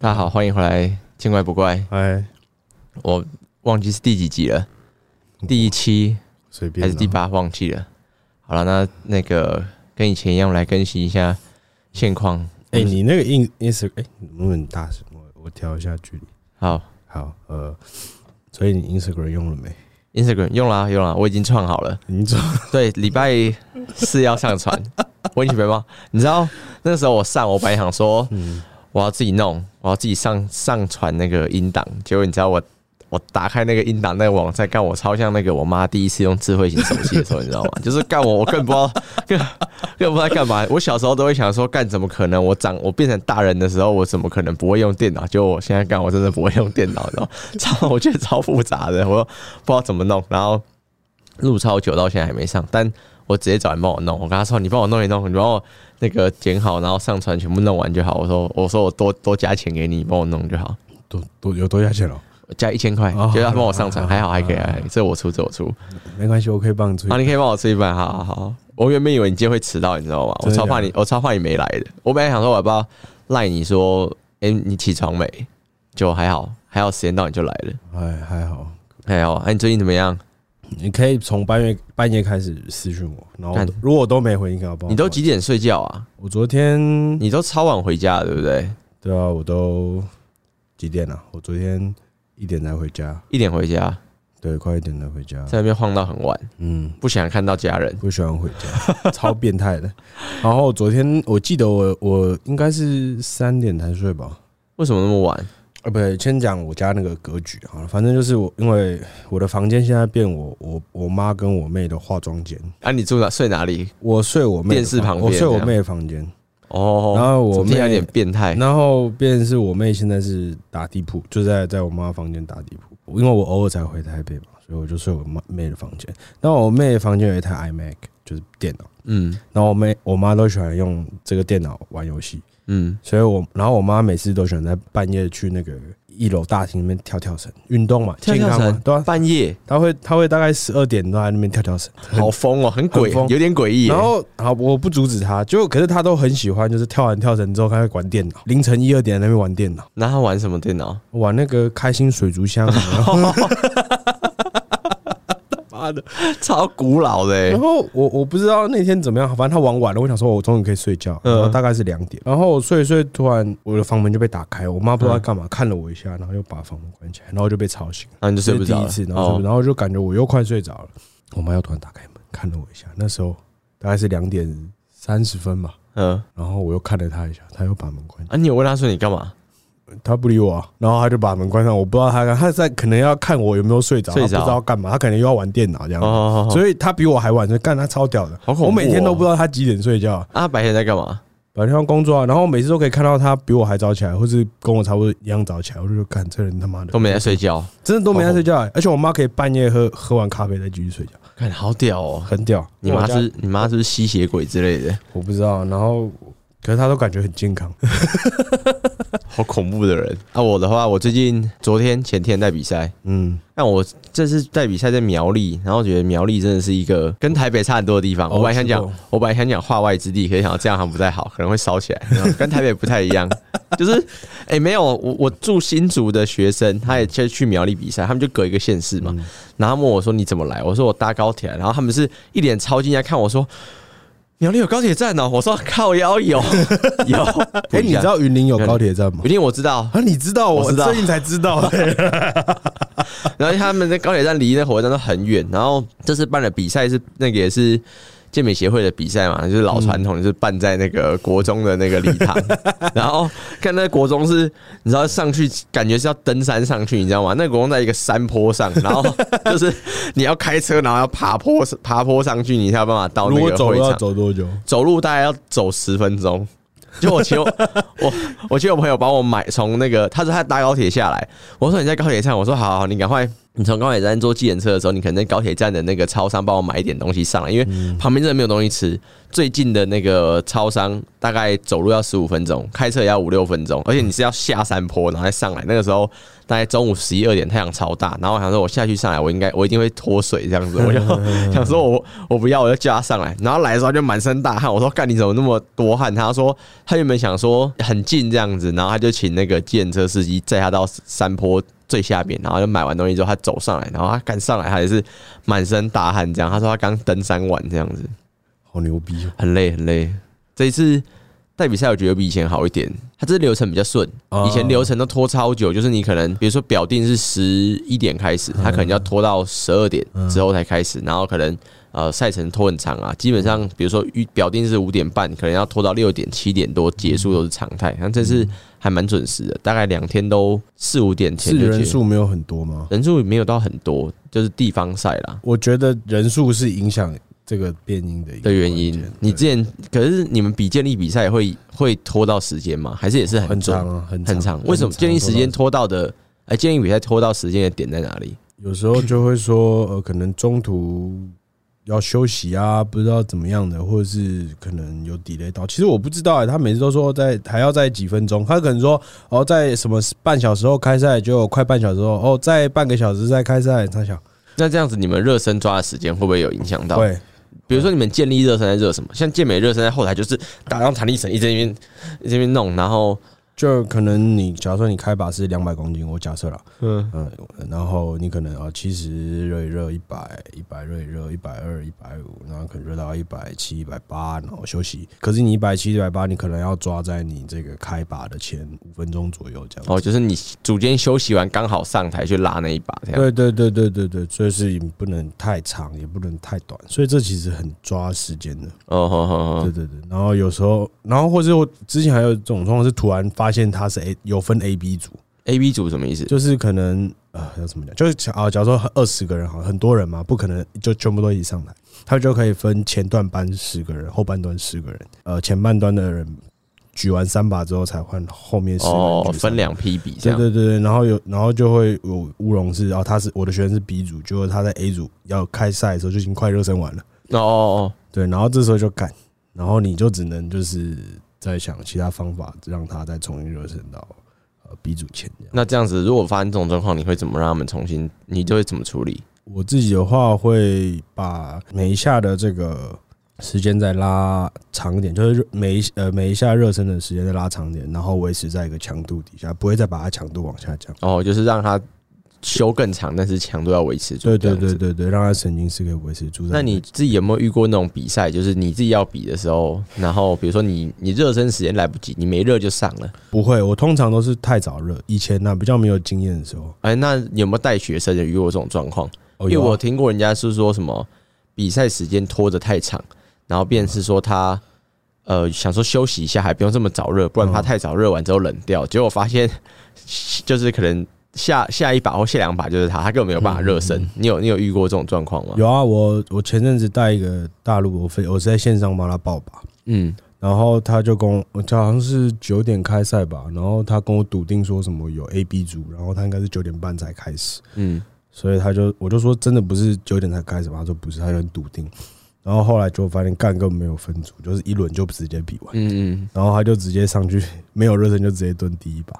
大家好，歡迎回來。見怪不怪、Hi。我忘記是第幾集了，哦、第七還是第八，忘記了。好了，那那個跟以前一樣，來更新一下現況。哎、欸欸，你那個 Instagram，哎，會不會很大聲？我我調一下距離。好，好，呃，所以你 Instagram 用了沒？Instagram 用了，用了，我已經創好了。你做對，禮 拜四要上傳。 我已經沒忘。你知道那時候我上，我本來想說。我要自己弄，我要自己上上傳那個音檔。結果你知道我，我打開那個音檔，那個網站幹，我超像那個我媽第一次用智慧型手機的時候，你知道嗎？ 就是幹我，我更不知道，更，更不知道幹嘛。我小時候都會想說，幹怎麼可能？我長我變成大人的時候，我怎麼可能不會用電腦？就我現在幹，我真的不會用電腦，你知道超，我覺得超複雜的，我不知道怎麼弄，然後錄超久，到現在還沒上。但我直接找人幫我弄，我跟他說：“你幫我弄一弄，你幫我那個剪好，然後上傳，全部弄完就好。”我說：“我說我多多加錢給你，幫我弄就好。多”多多有多加錢了、哦？加一千塊、哦，就他幫我上傳、哦，還好還可以，還還可以，這我出，這我出，沒關係，我可以幫你出。啊，你可以幫我出一半，好好好。我原本以為你今天會遲到，你知道嗎？我超怕你，的的我，超怕你我超怕你沒來的。我本來想說，我不知道賴你說，哎、欸，你起床沒？就還好，還好時間到，你就來了。哎，還好，還好。哎、啊，你最近怎麼樣？你可以從半夜半夜開始私訊我，然後看如果我都沒回，應該要幫。你都幾點睡覺啊？我昨天你都超晚回家，對不對？對啊，我都幾點了、啊？我昨天一點才回家，一點回家，對，快一點才回家，在那邊晃到很晚。嗯，不想看到家人，不喜歡回家，超變態的。 然後昨天我記得我我應該是三點才睡吧？為什麼那麼晚？不對，先講我家那個格局啊，反正就是我，因為我的房間現在變我我我媽跟我妹的化妝間。啊，你住哪睡哪裡？我睡我妹的房電視旁邊，我睡我妹的房間。哦、喔。然後我妹有點變態。然後便是我妹現在是打地鋪，就在在我媽房間打地鋪。因為我偶爾才回台北嘛，所以我就睡我妹的房間。然後我妹的房間有一台 iMac，就是電腦。嗯。然後我妹我媽都喜歡用這個電腦玩遊戲。嗯，所以我然後我媽每次都選在半夜去那個一樓大廳那邊跳跳繩運動嘛，跳跳繩，健康嘛，對、啊、半夜她會她會大概十二點都在那邊跳跳繩，好瘋哦，很鬼，很有點詭異。然後好，我不阻止她，就可是她都很喜歡，就是跳完跳繩之後，她會玩電腦，凌晨一二點在那邊玩電腦。那她玩什麼電腦？玩那個開心水族箱。然後 超古老的，欸。然後我我不知道那天怎麼樣，反正他玩完了，我想說我終於可以睡覺，嗯，大概是兩點，然後我睡一睡，突然我的房門就被打開，我媽不知道幹嘛、嗯、看了我一下，然後又把房門關起來，然後就被吵醒了，那、啊、就睡不着，第一次，然後、哦、然後就感覺我又快睡着了，我媽又突然打開門看了我一下，那時候大概是兩點三十分吧，嗯，然後我又看了她一下，她又把門關起來，啊，你有問她說你幹嘛？他不理我、啊，然後他就把門關上。我不知道他在，他在可能要看我有沒有睡着，睡著啊，不知道幹嘛，他可能又要玩電腦這樣。好好好，所以他比我還晚，所以幹他超屌的。哦、我每天都不知道他幾點睡覺。啊、他白天在幹嘛？白天工作啊。然後我每次都可以看到他比我還早起來，或是跟我差不多一樣早起來。我就看這人他媽的都沒在睡覺，真的都沒在睡覺。而且我媽可以半夜喝喝完咖啡再繼續睡覺，看好，好屌哦，很屌。你媽是，你媽是不是吸血鬼之類的？我不知道。然後。可是他都感覺很健康，好恐怖的人啊！我的話，我最近昨天前天在比賽，嗯，那我這次在比賽在苗栗，然後我覺得苗栗真的是一個跟台北差很多的地方。我本來想講，我本來想講話外之地，可以想到這樣好像不太好，可能會燒起來，跟台北不太一樣。就是哎、欸，沒有我我住新竹的學生，他也去去苗栗比賽，他們就隔一個縣市嘛。然後他問我說，你怎麼來？我說我搭高鐵。然後他們是一臉超驚訝看我說。苗栗有高鐵站哦、喔，我說靠腰，也要有有。哎、 欸，你知道雲林有高鐵站嗎？雲、嗯、林我知道啊，你知道我知道。最近才知道對、欸 然後他們在高鐵站離那火車站都很遠。然後這次辦的比賽是那個也是。健美協會的比賽嘛，就是老傳統，就是辦在那個國中的那個禮堂，然後看那個國中是，你知道上去感覺是要登山上去，你知道嗎？那個國中在一個山坡上，然後就是你要開車，然後要爬坡，爬坡上去，你才有辦法到。如果走要走多久？走路大概要走十分鐘。就我前有我我前我朋友幫我買，從那個他說他搭高鐵下來，我說你在高鐵站，我說好，好，你趕快。你從高鐵站坐計程車的時候，你可能在高鐵站的那個超商幫我買一點東西上來，因為旁邊真的沒有東西吃。最近的那個超商大概走路要十五分鐘，開車也要五六分鐘，而且你是要下山坡然後再上來，那個時候。大概中午十一二點，太陽超大，然後我想說，我下去上來，我應該我一定會脫水這樣子，我就想說我我不要，我就叫他上來，然後來的時候就滿身大汗。我說：“幹，你怎麼那麼多汗？”他說：“他原本想說很近這樣子，然後他就請那個計程車司機載他到山坡最下邊，然後就買完東西之後，他走上來，然後他趕上來，他也是滿身大汗這樣。他說他剛登山完這樣子，好牛逼哦，很累很累。這一次。”在比賽，我覺得比以前好一點。它這個流程比較順，以前流程都拖超久。就是你可能，比如說表定是十一點開始，它可能要拖到十二點之後才開始，然後可能呃賽程拖很長啊。基本上，比如說預表定是五點半，可能要拖到六點七點多結束都是常態。像這次還蠻準時的，大概兩天都四五點前結束。人數沒有很多嗎？人數沒有到很多，就是地方賽啦。我覺得人數是影響這個變音的一個的原因，你之前可是你們比健力比賽會會拖到時間嗎？還是也是很很長很很長？為什麼健力時間拖到的？哎，健力比賽拖到時間的點在哪裡？有時候就會說呃，可能中途要休息啊，不知道怎麼樣的，或者是可能有 delay 到。其實我不知道哎、欸，他每次都說在還要再幾分鐘，他可能說哦，在什麼半小時後開賽就快半小時後哦，再半個小時再開賽。他想，那這樣子，你們熱身抓的時間會不會有影響到？對。比如說你們健力熱身在熱什麼？像健美熱身在後檯就是打上彈力繩，一直在那邊一直在那邊弄，然後。就可能你假如說你開把是兩百公斤，我假設啦，嗯嗯，然後你可能啊七十熱一熱一百一百熱一熱一百二一百五，120, 150, 然後可能熱到一百七一百八，然後休息。可是你一百七一百八，你可能要抓在你這個開把的前五分鐘左右這樣。哦，就是你組間休息完剛好上台去拉那一把這樣。對對對對對對，所以是你不能太長，也不能太短，所以這其實很抓時間的哦哦。哦，對對對。然後有時候，然後或者我之前還有一種狀況是突然發。發現他是 A，有分 A、B 組。A、B 組什麼意思？就是可能啊、呃，要怎麼講？就是啊，假如說二十個人，好很多人嘛，不可能就全部都以上來，他就可以分前段班十個人，後半段十個人。呃，前半段的人舉完三把之後才換後面。哦，分兩批比。對對對對，然後有然後就會有烏龍是，然後他是我的學生是 B 組，就他在 A 組要開賽的時候就已經快熱身完了。哦哦，對，然後這時候就趕，然後你就只能就是。在想其他方法，讓它再重新熱身到呃 B 組前。那這樣子，如果發生這種狀況，你會怎麼讓他們重新？你就會怎麼處理？嗯、我自己的話，會把每一下的這個時間再拉長一點，就是每一呃每一下熱身的時間再拉長一點，然後維持在一個強度底下，不會再把它強度往下降。哦，就是讓它。休更長，但是強度要維持住。對對對對對，讓他神經是可以維持住。那你自己有沒有遇過那種比賽，就是你自己要比的時候，然後比如說你你熱身時間來不及，你沒熱就上了？不會，我通常都是太早熱。以前呢、啊，比較沒有經驗的時候，哎、欸，那有沒有帶學生的遇過這種狀況、哦啊？因為我聽過人家是說什麼比賽時間拖得太長，然後便是說他、嗯、呃想說休息一下，還不用這麼早熱，不然他太早熱完之後冷掉。嗯、結果我發現就是可能。下下一把或下兩把就是他，他根本沒有辦法熱身。你有你有遇過這種狀況嗎？嗯，有啊，我我前陣子帶一個大陸我非，我是在線上幫他報吧，嗯，然後他就跟我，就好像是九點開賽吧，然後他跟我篤定說什麼有 A B 組，然後他應該是九點半才開始，嗯，所以他就我就說真的不是九點才開始吧，他說不是，他就很篤定，然後後來就發現幹根本沒有分組，就是一輪就直接比完，嗯嗯，然後他就直接上去，沒有熱身就直接蹲第一把。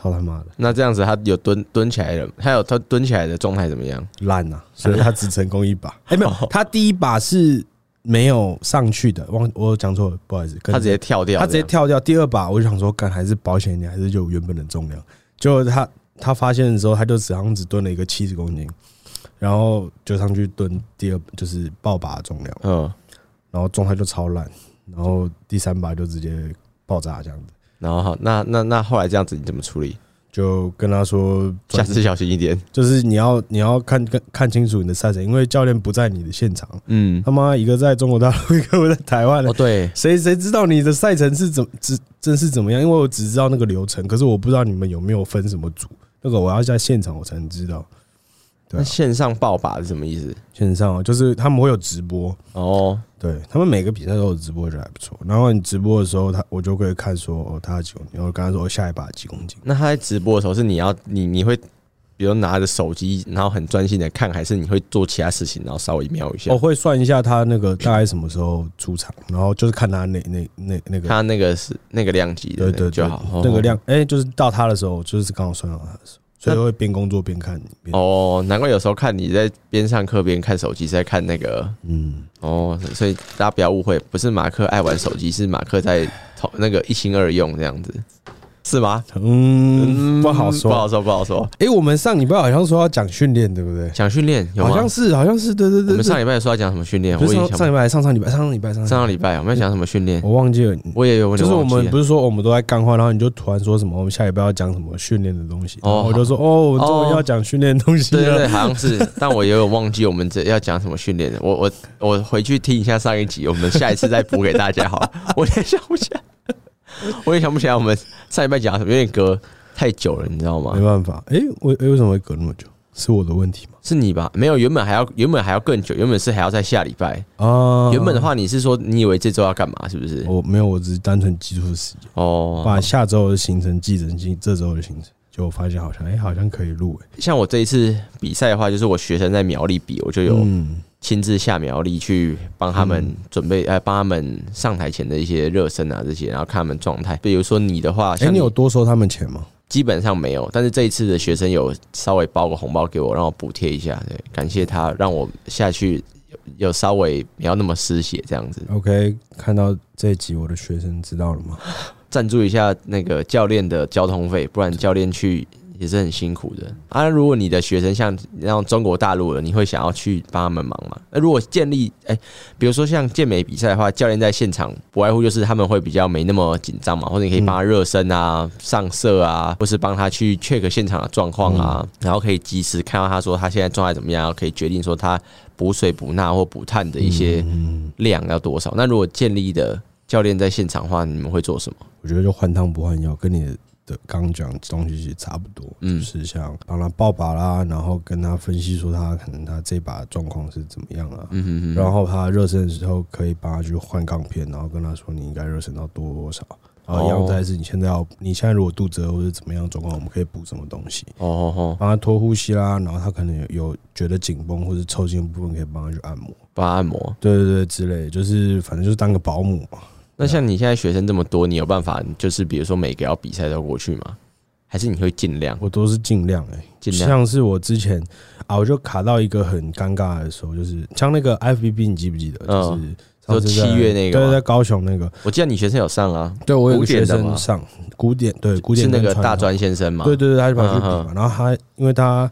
超他媽的！那這樣子，他有蹲蹲起來了，他有他蹲起來的狀態怎麼樣？爛啊，所以他只成功一把。哎、 欸，沒有，他第一把是沒有上去的，忘我講錯，不好意思。他直接跳掉，他直接跳掉。第二把我想說，幹還是保險一點，還是有原本的重量。結果他他發現的時候，他就好像只蹲了一個七十公斤，然後就上去蹲第二，就是爆把的重量。嗯、哦，然後狀態就超爛，然後第三把就直接爆炸這樣子。然後好，那那那後來這樣子你怎麼處理？就跟他說下次小心一點。就是你要你要看看看清楚你的賽程，因為教練不在你的現場。嗯，他媽一個在中國大陸，一個我在台灣哦，對，誰誰知道你的賽程是怎只，真是怎麼樣？因為我只知道那個流程，可是我不知道你們有沒有分什麼組，那個我要在現場我才能知道。啊、那線上報把是什麼意思？線上哦，就是他們會有直播哦。對他們每個比賽都有直播，就還不錯。然後你直播的時候，他我就可以看說哦，他有幾公斤。我剛才說下一把幾公斤。那他在直播的時候，是你要你你會比如拿着手機，然後很專心的看，還是你會做其他事情，然後稍微瞄一,一下？我會算一下他那個大概什麼時候出場，然後就是看他那那那那個他那個是那個量級的，對對對，對，那個量哎，欸、就是到他的時候，就是剛好算到他的時候。所以會邊工作邊看。哦，難怪有時候看你在邊上課邊看手機，是在看那個，嗯，哦，所以大家不要誤會，不是馬克愛玩手機，是馬克在那個一心二用這樣子。是吧？嗯，不好說，不好說，不好說、欸。哎，我們上禮拜好像說要講訓練，對不對？講訓練，有嗎？好像是，好像是，對對對，對。我們上禮拜也說要講什麼訓練？就是、上禮拜我也想不是上上禮拜，上上禮拜，上上禮拜，拜，我們要講什麼訓練、嗯？我忘記了，我也有問題，就是我們不是說我們都在幹話，然後你就突然說什麼？我們下禮拜要講什麼訓練的東西？哦，我就說哦，我要講訓練的東西、哦。對，對對，好像是， 但我也有忘記我們這要講什麼訓練的。我我我回去聽一下上一集，我們下一次再補給大家好了，好 我也想不起來。我也想不起來，我們上禮拜講什麼，因為隔太久了，你知道嗎？沒辦法，哎、欸，為、欸、為什麼會隔那麼久？是我的問題嗎？是你吧？沒有，原本還要原本還要更久，原本是還要在下禮拜哦、啊。原本的話，你是說你以為這周要幹嘛？是不是？我沒有，我只是單純記住時間哦。把下周的行程記成今這周的行程，就發現好像哎、欸，好像可以錄哎。像我這一次比賽的話，就是我學生在苗栗比，我就有、嗯。親自下苗栗去幫他們準備，呃、嗯，幫他們上台前的一些熱身啊，這些，然後看他們狀態。比如說你的話，哎、欸，你有多收他們錢嗎？基本上沒有，但是這一次的學生有稍微包個紅包給我，讓我補貼一下，對，感謝他讓我下去有稍微不要那麼失血這樣子。OK，看到這一集，我的學生知道了嗎？贊 助一下那個教練的交通費，不然教練去。也是很辛苦的啊！如果你的學生像那種中國大陸的，你會想要去幫他們忙嗎？那如果建立、欸、比如說像健美比賽的話，教練在現場不外乎就是他們會比較沒那麼緊張嘛，或者你可以幫他熱身啊、嗯、上色啊，或是幫他去 check 現場的狀況啊，嗯、然後可以及時看到他說他現在狀態怎麼樣，可以決定說他補水、補鈉或補碳的一些量要多少。嗯、那如果建立的教練在現場的話，你們會做什麼？我覺得就換湯不換藥，跟你的。剛講東西差不多，嗯，就是像幫他抱把啦，然後跟他分析說他可能他這把狀況是怎麼樣啊，嗯，然後他熱身的時候可以幫他去換槓片，然後跟他說你應該熱身到多，多少，然後一樣是你現在要你現在如果肚子或者怎麼樣，狀況我們可以補什麼東西哦，嗯，幫他托呼吸啦，然後他可能有覺得緊繃或者抽筋的部分，可以幫他去按摩，幫他按摩，對對對，之類就是反正就是當個保姆。那像你現在學生這麼多，你有辦法就是比如說每個要比賽都要過去嗎？還是你會儘量？我都是儘量哎，欸，儘量。像是我之前啊，我就卡到一個很尷尬的時候，就是像那個 FBB，你記不記得？哦、就是七月那個、啊，對對，在高雄那個，我記得你學生有上啊。對我有個學生上古典，對古典，、啊，對古典就是那個大專先生嘛，對對對，他就跑去比嘛。嗯、然後他因為他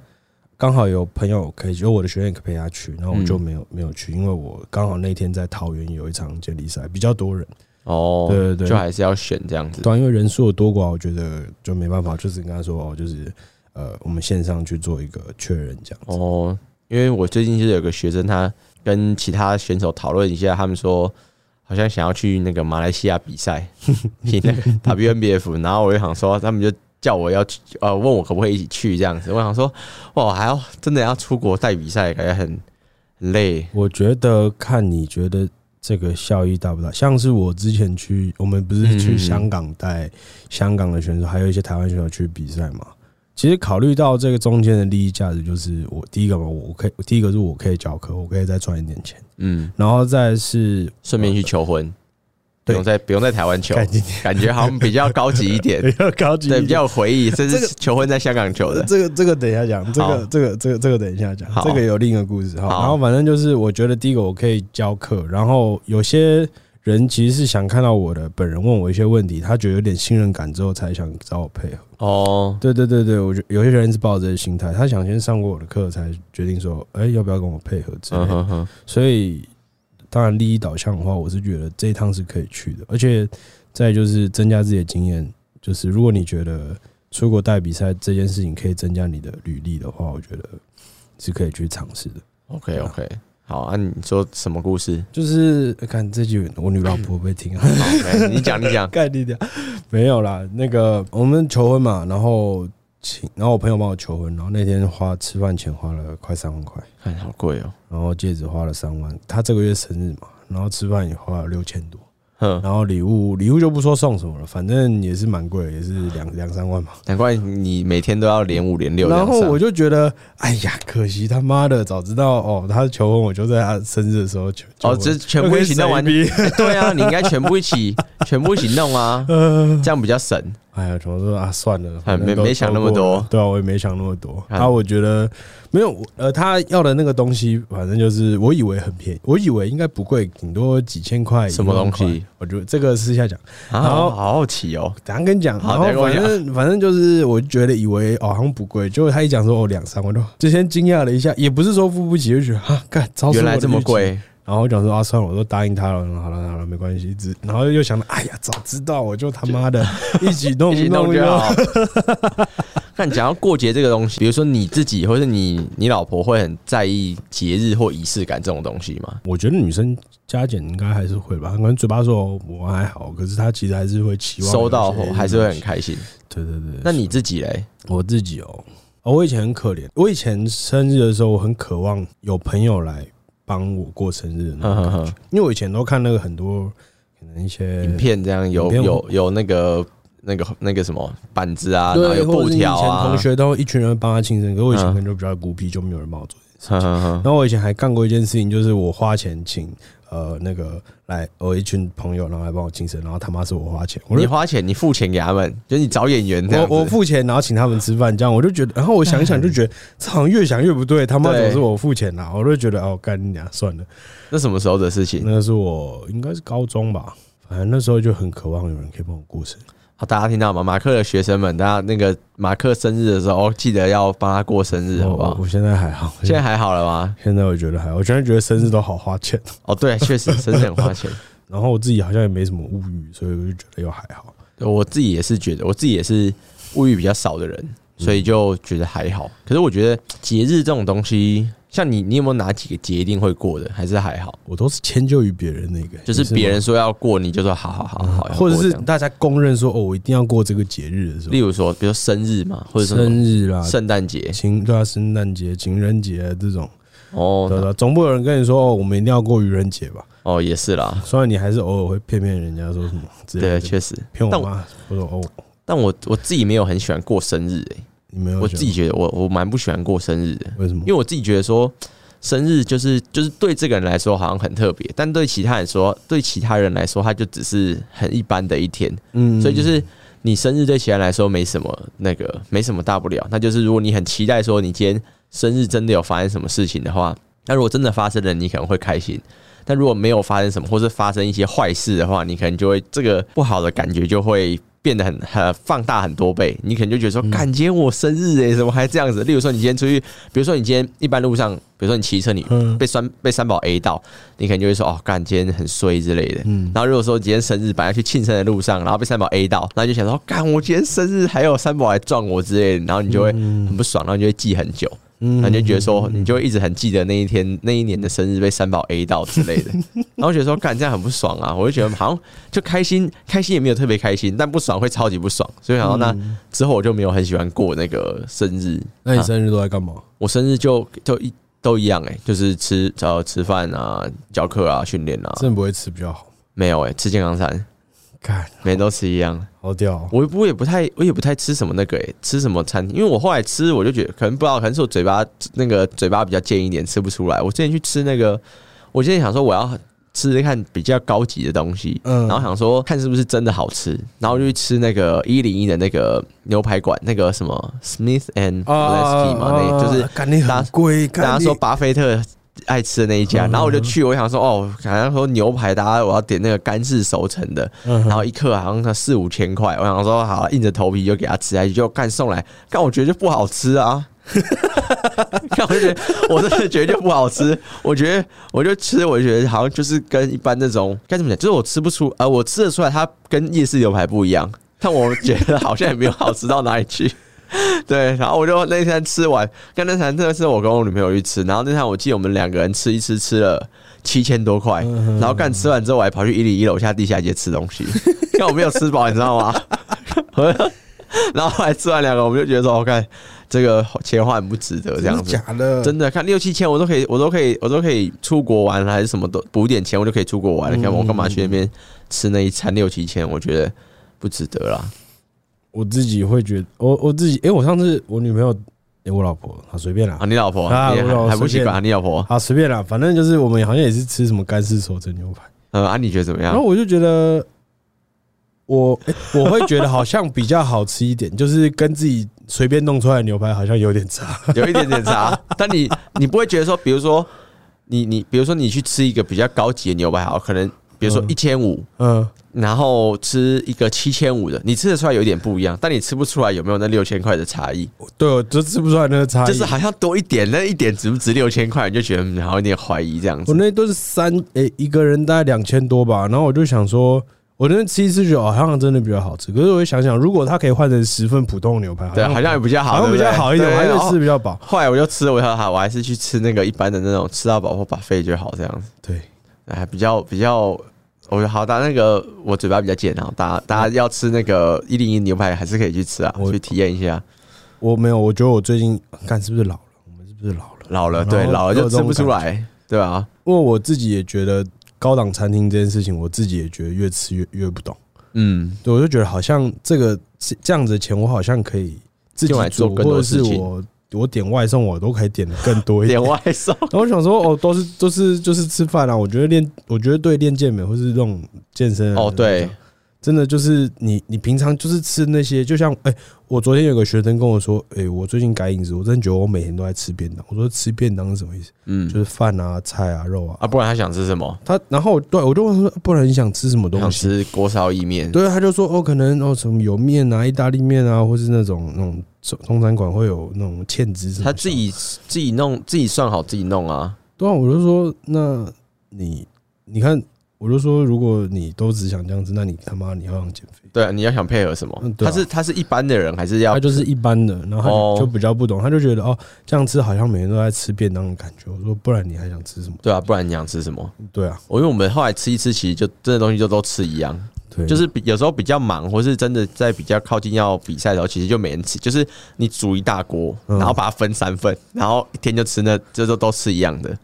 剛好有朋友可以，就我的學員可以陪他去，然後我就沒有、嗯、沒有去，因為我剛好那天在桃園有一場接力賽，比較多人。哦、oh,，對對對，就還是要選這樣子。對，因為人數有多寡，我覺得就沒辦法。就是跟他說，就是呃，我們線上去做一個確認這樣子。哦、oh,，因為我最近就是有個學生，他跟其他選手討論一下，他們說好像想要去那個馬來西亞比賽， 那個 WMBF。 然後我就想說，他們就叫我要去，呃、啊，問我可不可以一起去這樣子。我想說，哇，還要真的要出國帶比賽，感覺很很累。我覺得看你覺得。這個效益大不大？像是我之前去，我們不是去香港帶香港的選手，還有一些台灣選手去比賽嘛。其實考慮到這個中間的利益價值，就是我第一個嘛，我可以，我第一個是我可以教課，我可以再賺一點錢，嗯，然後再是順便去求婚。不用在不用在台灣求，感覺好像比較高級一點，比較高級，對比較有回憶。這是求婚在香港求的。這個這個等一下講，這個這個這個這個等一下講，這個有另一個故事哈。然後反正就是，我覺得第一個我可以教課，然後有些人其實是想看到我的本人，問我一些問題，他覺得有點信任感之後，才想找我配合。哦，對對對對，我覺得有些人是抱着這個心態，他想先上過我的課，才決定說，哎，要不要跟我配合之類。所以。當然，利益導向的話，我是覺得這一趟是可以去的。而且，再就是增加自己的經驗。就是如果你覺得出國帶比賽這件事情可以增加你的履歷的話，我覺得是可以去嘗試的。OK，OK，、okay, okay, 好啊。你說什麼故事？就是看、啊、這句，我女老婆會聽啊、 哦 okay, 你講。你講，你講，幹你講。沒有啦，那個我們求婚嘛，然後。請，然後我朋友幫我求婚，然後那天花吃飯錢花了快三萬塊，嗯，好貴哦喔。然後戒指花了三萬，他這個月生日嘛，然後吃飯也花了六千多。嗯、然後禮物禮物就不說送什麼了，反正也是蠻貴，也是兩兩三萬嘛。難怪你每天都要連五連六。然後我就覺得，哎呀，可惜他媽的，早知道哦，他求婚我就在他生日的時候求。哦，這全部一起弄完，欸，對啊，你應該全部一起， 全部一起弄啊，嗯，這樣比較省。哎呀，怎麼說啊？算了，沒沒想那麼多。對啊，我也沒想那麼多。那，啊啊，我覺得。沒有，呃，他要的那個東西，反正就是我以為很便宜，我以為應該不貴，頂多幾千塊。什麼東西？我覺得這個私下講。然後、啊、好，好奇哦，等下跟你講。好，等我講。反正就是我覺得以為好像、哦、不貴。結果他一講說哦，兩三萬，就之前驚訝了一下，也不是說付不起，就覺得啊，幹，出來這麼貴。然後我講說啊，算了，我都答應他了。好了好了，沒關係，一直然後又想到，哎呀，早知道我就他媽的 一起弄， 一起弄就好 但講到過節這個東西，比如說你自己或者你你老婆會很在意節日或儀式感這種東西嗎？我覺得女生加減應該還是會吧。可能嘴巴說我還好，可是她其實還是會期望收到後還是會很開心。對對對，對，那你自己咧？我自己哦、喔，我以前很可憐，我以前生日的時候我很渴望有朋友來幫我過生日、嗯嗯嗯，因為我以前都看那個很多可能一些影片，這樣有有有，有那個。那個那個什麼板子啊，然後，有布條啊，或者以前同學都一群人幫他慶生。可我以前可能就比較孤僻，就沒有人幫我做這事情、嗯。然後我以前還幹過一件事情，就是我花錢請呃那個來我一群朋友，然後來幫我慶生，然後他媽是我花錢，你花錢，你付錢給他們，就你找演員這樣，我我付錢，然後請他們吃飯，這樣。我就覺得，然後我想一想就覺得，這好像越想越不對，他媽總是我付錢呐、啊，我就覺得哦，幹你娘算了。那什麼時候的事情？那個、是我應該是高中吧，反正那時候就很渴望有人可以幫我過生。好，大家聽到嗎？馬克的學生們，大家那個馬克生日的時候，記得要幫他過生日，好不好？哦，我現在還好我現在，現在還好了嗎？現在我覺得還好，我現在覺得生日都好花錢哦。對，確實生日很花錢。 然後我自己好像也沒什麼物欲，所以我就覺得又還好。我自己也是覺得，我自己也是物欲比較少的人，所以就覺得還好。嗯。可是我覺得節日這種東西。像你，你有沒有哪幾個節一定會過的？還是還好？我都是遷就於別人那個，就是別人說要過，你就說好好好好、嗯，或者是大家公認說哦，我一定要過這個節日，例如說，比如說生日嘛，或者是生日啦、啊、聖誕節、情對啊，聖誕節、情人節、啊、這種，哦，對啊，總不有人跟你說哦，我們一定要過愚人節吧？哦，也是啦，雖然你還是偶爾會騙騙人家說什麼，對，確實騙我媽，我說、哦、但我我自己沒有很喜歡過生日、欸，我自己覺得我，我我蠻不喜歡過生日的。為什麼？因為我自己覺得說，生日就是就是對這個人來說好像很特別，但對其他人說，對其他人來說，他就只是很一般的一天。嗯，所以就是你生日對其他人來說沒什麼那個沒什麼大不了。那就是如果你很期待說你今天生日真的有發生什麼事情的話，那如果真的發生了，你可能會開心；但如果沒有發生什麼，或是發生一些壞事的話，你可能就會這個不好的感覺就會。變得很很放大很多倍，你可能就覺得說，感、嗯、覺我生日誒、欸，怎麼還這樣子？例如說你今天出去，比如說你今天一般路上，比如說你騎車你被三被三寶 A 到，你可能就會說哦，感覺今天很衰之類的。嗯，然後如果說你今天生日本來去慶生的路上，然後被三寶 A 到，那就想說，感我今天生日還有三寶來撞我之類的，然後你就會很不爽，然後你就會記很久。嗯，感覺覺覺得說，你就會一直很記得那一天，那一年的生日被三寶 A 到之類的，然後我覺得說，幹，這樣很不爽啊！我就覺得好像就開心，開心也沒有特別開心，但不爽會超級不爽。所以然後那之後我就沒有很喜歡過那個生日。那你生日都在幹嘛、啊？我生日就就一都一樣誒、欸，就是吃，找吃飯啊，教課啊，訓練啊。真不會吃比較好，沒有誒、欸，吃健康餐，幹、喔、每天都吃一樣。我不也不太，我也不太吃什麼那個誒、欸，吃什麼餐廳？因為我後來吃，我就覺得可能不知道，可能是我嘴巴那個嘴巴比較尖一點，吃不出來。我之前去吃那個，我之前想說我要吃，吃看比較高級的東西、嗯，然後想說看是不是真的好吃，然後就去吃那個一零一的那個牛排館，那個什麼 Smith and，、啊麼嘛那個、就是貴、啊，大家說巴菲特。愛吃的那一家、嗯，然後我就去，我想說，哦，好像說牛排，大家我要點那個乾式熟成的、嗯，然後一客好像才四五千塊，我想說好，硬着頭皮就給他吃，去，就幹送來，但我覺得就不好吃啊，幹 我就覺得，我真的覺得就不好吃，我覺得，我就吃，我就覺得好像就是跟一般那種該怎麼講，就是我吃不出，呃，我吃得出來，它跟夜市牛排不一樣，但我覺得好像也沒有好吃到哪裡去。 對，然後我就那天吃完，跟那特別是我跟我女朋友去吃，然後那天我記得我們兩個人吃一吃吃了七千多塊，然後幹吃完之後我還跑去一零一樓下地下街吃東西，看 我沒有吃飽，你知道嗎？ 然後後來吃完兩個，我們就覺得說，我看這個錢花很不值得這樣子，假的，真的，看六七千我都可以，我都可以，我都可以出國玩還是什麼都補點錢，我就可以出國玩了，你，嗯，看我幹嘛去那邊吃那一餐六七千？我覺得不值得啦。我自己會覺得，我我自己，誒，我上次我女朋友，誒，我老婆，好隨便啦，啊啊，啊啊，你老婆啊，老婆還不行吧，啊，你老婆，好隨便啦，反正就是我們好像也是吃什麼乾式熟成牛排，呃啊，啊，你覺得怎麼樣？然後我就覺得，我、欸、我會覺得好像比較好吃一點，就是跟自己隨便弄出來的牛排好像有點差，有一點點差。但你你不會覺得說，比如說你你比如說你去吃一個比較高級的牛排，好，可能。比如說一千五，嗯，然後吃一個七千五的，你吃得出來有點不一樣，但你吃不出來有沒有那六千塊的差異？對、哦，我就吃不出來那個差異，就是好像多一點，那一點值不值六千塊？你就覺得好像有點懷疑這樣子。我那頓是三，誒、欸，一個人大概兩千多吧，然後我就想說，我那吃一次，哦，好像真的比較好吃，可是我就想想，如果它可以換成十份普通牛排，對，好像也比較好，好像比較好對不對？好像比較好一點，我還是吃比較飽、哦。後來我就吃了，我想好，我還是去吃那個一般的那種吃到飽或 buffet 就好這樣子。對。哎，比較比較，我覺得好的那個，我嘴巴比較尖啊，大家大家要吃那個一零一牛排還是可以去吃啊，我去體驗一下。我沒有，我覺得我最近看是不是老了，我們是不是老了？老了，對，老了就吃不出來，對啊。因為我自己也覺得高檔餐廳這件事情，我自己也覺得越吃越越不懂。嗯對，我就覺得好像這個這樣子的錢，我好像可以自己來做更多事情。我點外送，我都可以點的更多一點， 點外送。 然後我想說，哦，都是都是就是吃飯啊。我覺得練，我覺得對練健美或是這種健身哦，對。真的就是你，你平常就是吃那些，就像哎、欸，我昨天有個學生跟我說，哎、欸，我最近改飲食，我真的覺得我每天都在吃便當。我說吃便當是什麼意思？嗯，就是飯啊、菜啊、肉啊啊。不然他想吃什麼？他然後對我就問說，不然你想吃什麼東西？想吃鍋燒意麵。對，他就說哦，可能哦什麼油面啊、意大利麵啊，或是那種那種、嗯、中餐館會有那種芡汁、什麼。他自己自己弄，自己算好自己弄啊。對啊，我就說那你你看。我就說，如果你都只想這樣子，那你他媽你要想減肥？對啊，你要想配合什麼？他是他是一般的人，還是要？他就是一般的，然後他就比較不懂，他就覺得哦，這樣吃好像每天都在吃便當的感覺。我說，不然你還想吃什麼？對啊，不然你想吃什麼？對啊，我因為我們後來吃一吃，其實就這些東西就都吃一樣，就是有時候比較忙，或是真的在比較靠近要比賽的時候，其實就沒人吃，就是你煮一大鍋，然後把它分三份，然後一天就吃那，就都都吃一樣的。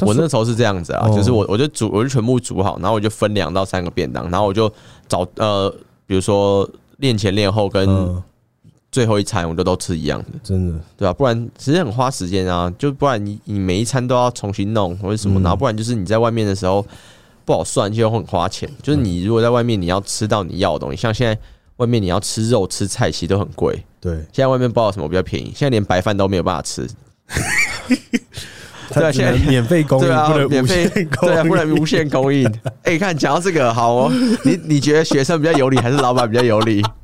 哦、我那時候是這樣子啊，就是我我就煮，我就全部煮好，然後我就分兩到三個便當，然後我就找呃，比如說練前、練後跟最後一餐，我就都吃一樣的，嗯、真的，對吧、啊？不然其實很花時間啊，就不然你你每一餐都要重新弄或者什麼、嗯，然後不然就是你在外面的時候不好算，就會很花錢。就是你如果在外面你要吃到你要的東西，像現在外面你要吃肉吃菜其實都很貴，對。現在外面不知道什麼比較便宜，現在連白飯都沒有辦法吃。 對，現在免費供應，對啊，免費對啊，不能無限供應。哎、 欸，看，講到這個，好、哦，你你覺得學生比較有理， 還是老闆比較有理？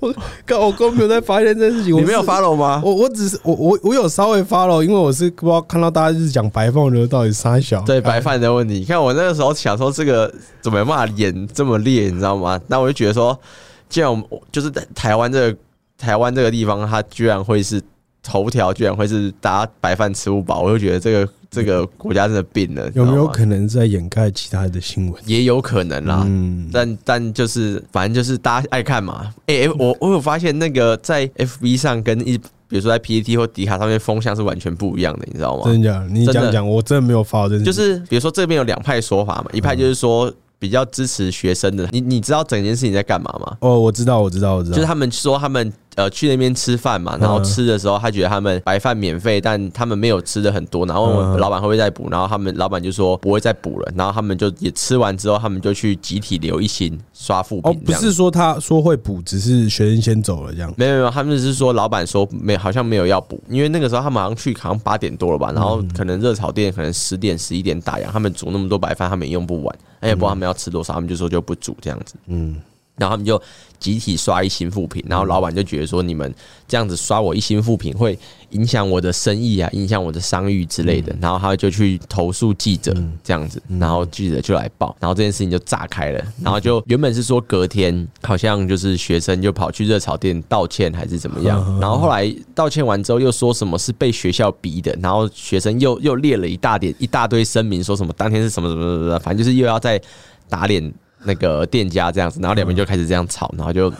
我，我公屏在發現這件事情 我，你沒有 follow 嗎？我，我只是，我，我，我有稍微 follow，因為我是不知道看到大家就是講白飯的時候到底殺小？對，白飯的問題，你看，我那個時候想說這個怎麼罵演這麼烈，你知道嗎？那我就覺得說，既然我就是台灣這個台灣這個地方，它居然會是。頭條居然會是大家白飯吃不飽，我就覺得這個這個國家真的病了。有沒有可能在掩蓋其他的新聞？也有可能啦。嗯，但，但但就是反正就是大家愛看嘛。哎、欸，我我有發現那個在 FB 上跟一比如說在 PTT 或迪卡上面風向是完全不一樣的，你知道嗎？真的假的，你講講，我真的沒有發。就是比如說這邊有兩派說法嘛，一派就是說比較支持學生的。嗯、你你知道整件事情在幹嘛嗎？哦，我知道，我知道，我知道。就是他們說他們。呃，去那邊吃飯嘛，然後吃的時候，他覺得他們白飯免費，但他們沒有吃的很多，然後問老板會不會再補？然後他們老板就說不會再補了，然後他們就也吃完之後，他們就去集體留一星刷負評。哦，不是說他說會補，只是學生先走了這樣。沒有沒有，他們是說老板說沒，好像沒有要補，因為那個時候他們好像去好像八點多了吧，然後可能熱炒店可能十點十一點打烊，他們煮那麼多白飯，他們也用不完，他、欸、也不知道他們要吃多少，他們就說就不煮這樣子。嗯。嗯然後他們就集體刷一星負評，然後老闆就覺得說，你們這樣子刷我一星負評會影響我的生意啊，影響我的商譽之類的。然後他就去投訴記者這樣子，然後記者就來報，然後這件事情就炸開了。然後就原本是說隔天好像就是學生就跑去熱炒店道歉還是怎麼樣。然後後來道歉完之後又說什麼是被學校逼的，然後學生又又列了一大點一大堆聲明，說什麼當天是什麼什麼什麼什麼，反正就是又要再打臉。那個店家這樣子，然後兩邊就開始這樣吵，然後就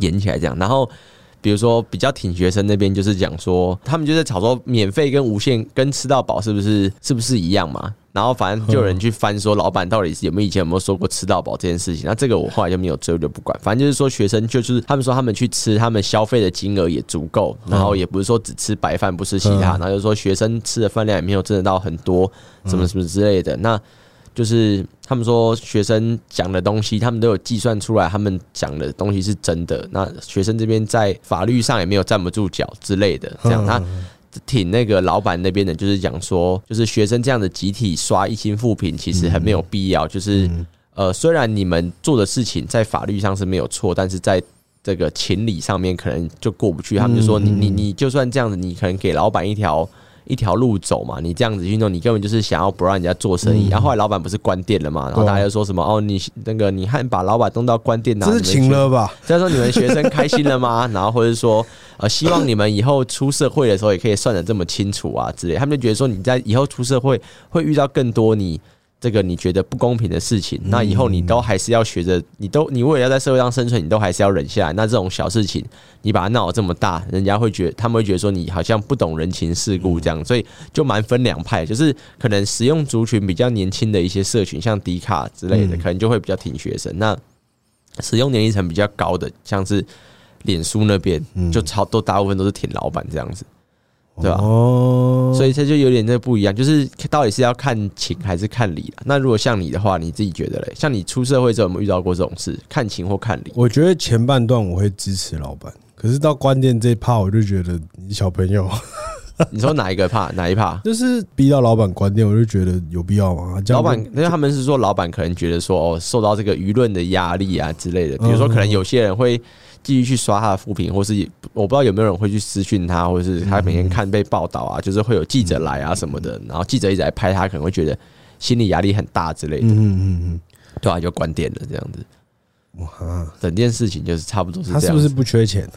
演起來這樣。然後比如說比較挺學生那邊，就是講說他們就是在吵說免費跟無限跟吃到飽是不是是不是一樣嘛？然後反正就有人去翻說老闆到底是有沒有以前有沒有說過吃到飽這件事情。那這個我後來就沒有追，就不管。反正就是說學生就是他們說他們去吃，他們消費的金額也足夠，然後也不是說只吃白飯不吃其他，然後就是說學生吃的飯量也沒有掙得到很多什麼什麼之類的。那。就是他們說學生講的東西，他們都有計算出來，他們講的東西是真的。那學生這邊在法律上也沒有站不住腳之類的。這樣，他挺那個老闆那邊的，就是講說，就是學生這樣的集體刷一星負評，其實很沒有必要。就是呃，雖然你們做的事情在法律上是沒有錯，但是在這個情理上面可能就過不去。他們就說，你你你，就算這樣子，你可能給老板一條。一條路走嘛，你這樣子運動，你根本就是想要不讓人家做生意。然、嗯、後、啊、後來老闆不是關店了嘛，然後大家就說什麼哦，你那個你還把老闆弄到關店，這是行了吧？再說你們學生開心了嗎？ 然後或者說呃，希望你們以後出社會的時候也可以算得這麼清楚啊之類的。他們就覺得說你在以後出社會會，會遇到更多你。這個你覺得不公平的事情，嗯嗯，那以後你都還是要學着，你都你為了要在社會上生存，你都還是要忍下來。那這種小事情，你把它鬧得這麼大，人家會覺得，他們會覺得說你好像不懂人情世故這樣，嗯嗯，所以就蠻分兩派，就是可能使用族群比較年輕的一些社群，像迪卡之類的，嗯嗯，可能就會比較挺學生；那使用年齡層比較高的，像是臉書那邊，就超都大部分都是挺老闆這樣子。對吧、哦？所以這就有點這不一樣，就是到底是要看情還是看理，啊？那如果像你的話，你自己覺得嘞？像你出社會之後，有沒有遇到過這種事？看情或看理？我覺得前半段我會支持老闆，可是到關店這一趴，我就覺得你小朋友，你說哪一個趴？ 哪一趴？就是逼到老闆關店，我就覺得有必要嗎？老闆，因為他們是說老闆可能覺得說哦，受到這個輿論的壓力啊之類的，比如說可能有些人會。繼續去刷他的負評，或是我不知道有沒有人會去私訊他，或者是他每天看被報道啊，就是會有記者來啊什麼的，然後記者一直在拍他，可能會覺得心理壓力很大之類的。嗯，嗯嗯嗯，對啊，就關店了這樣子。哇，整件事情就是差不多是這樣。他是不是不缺錢？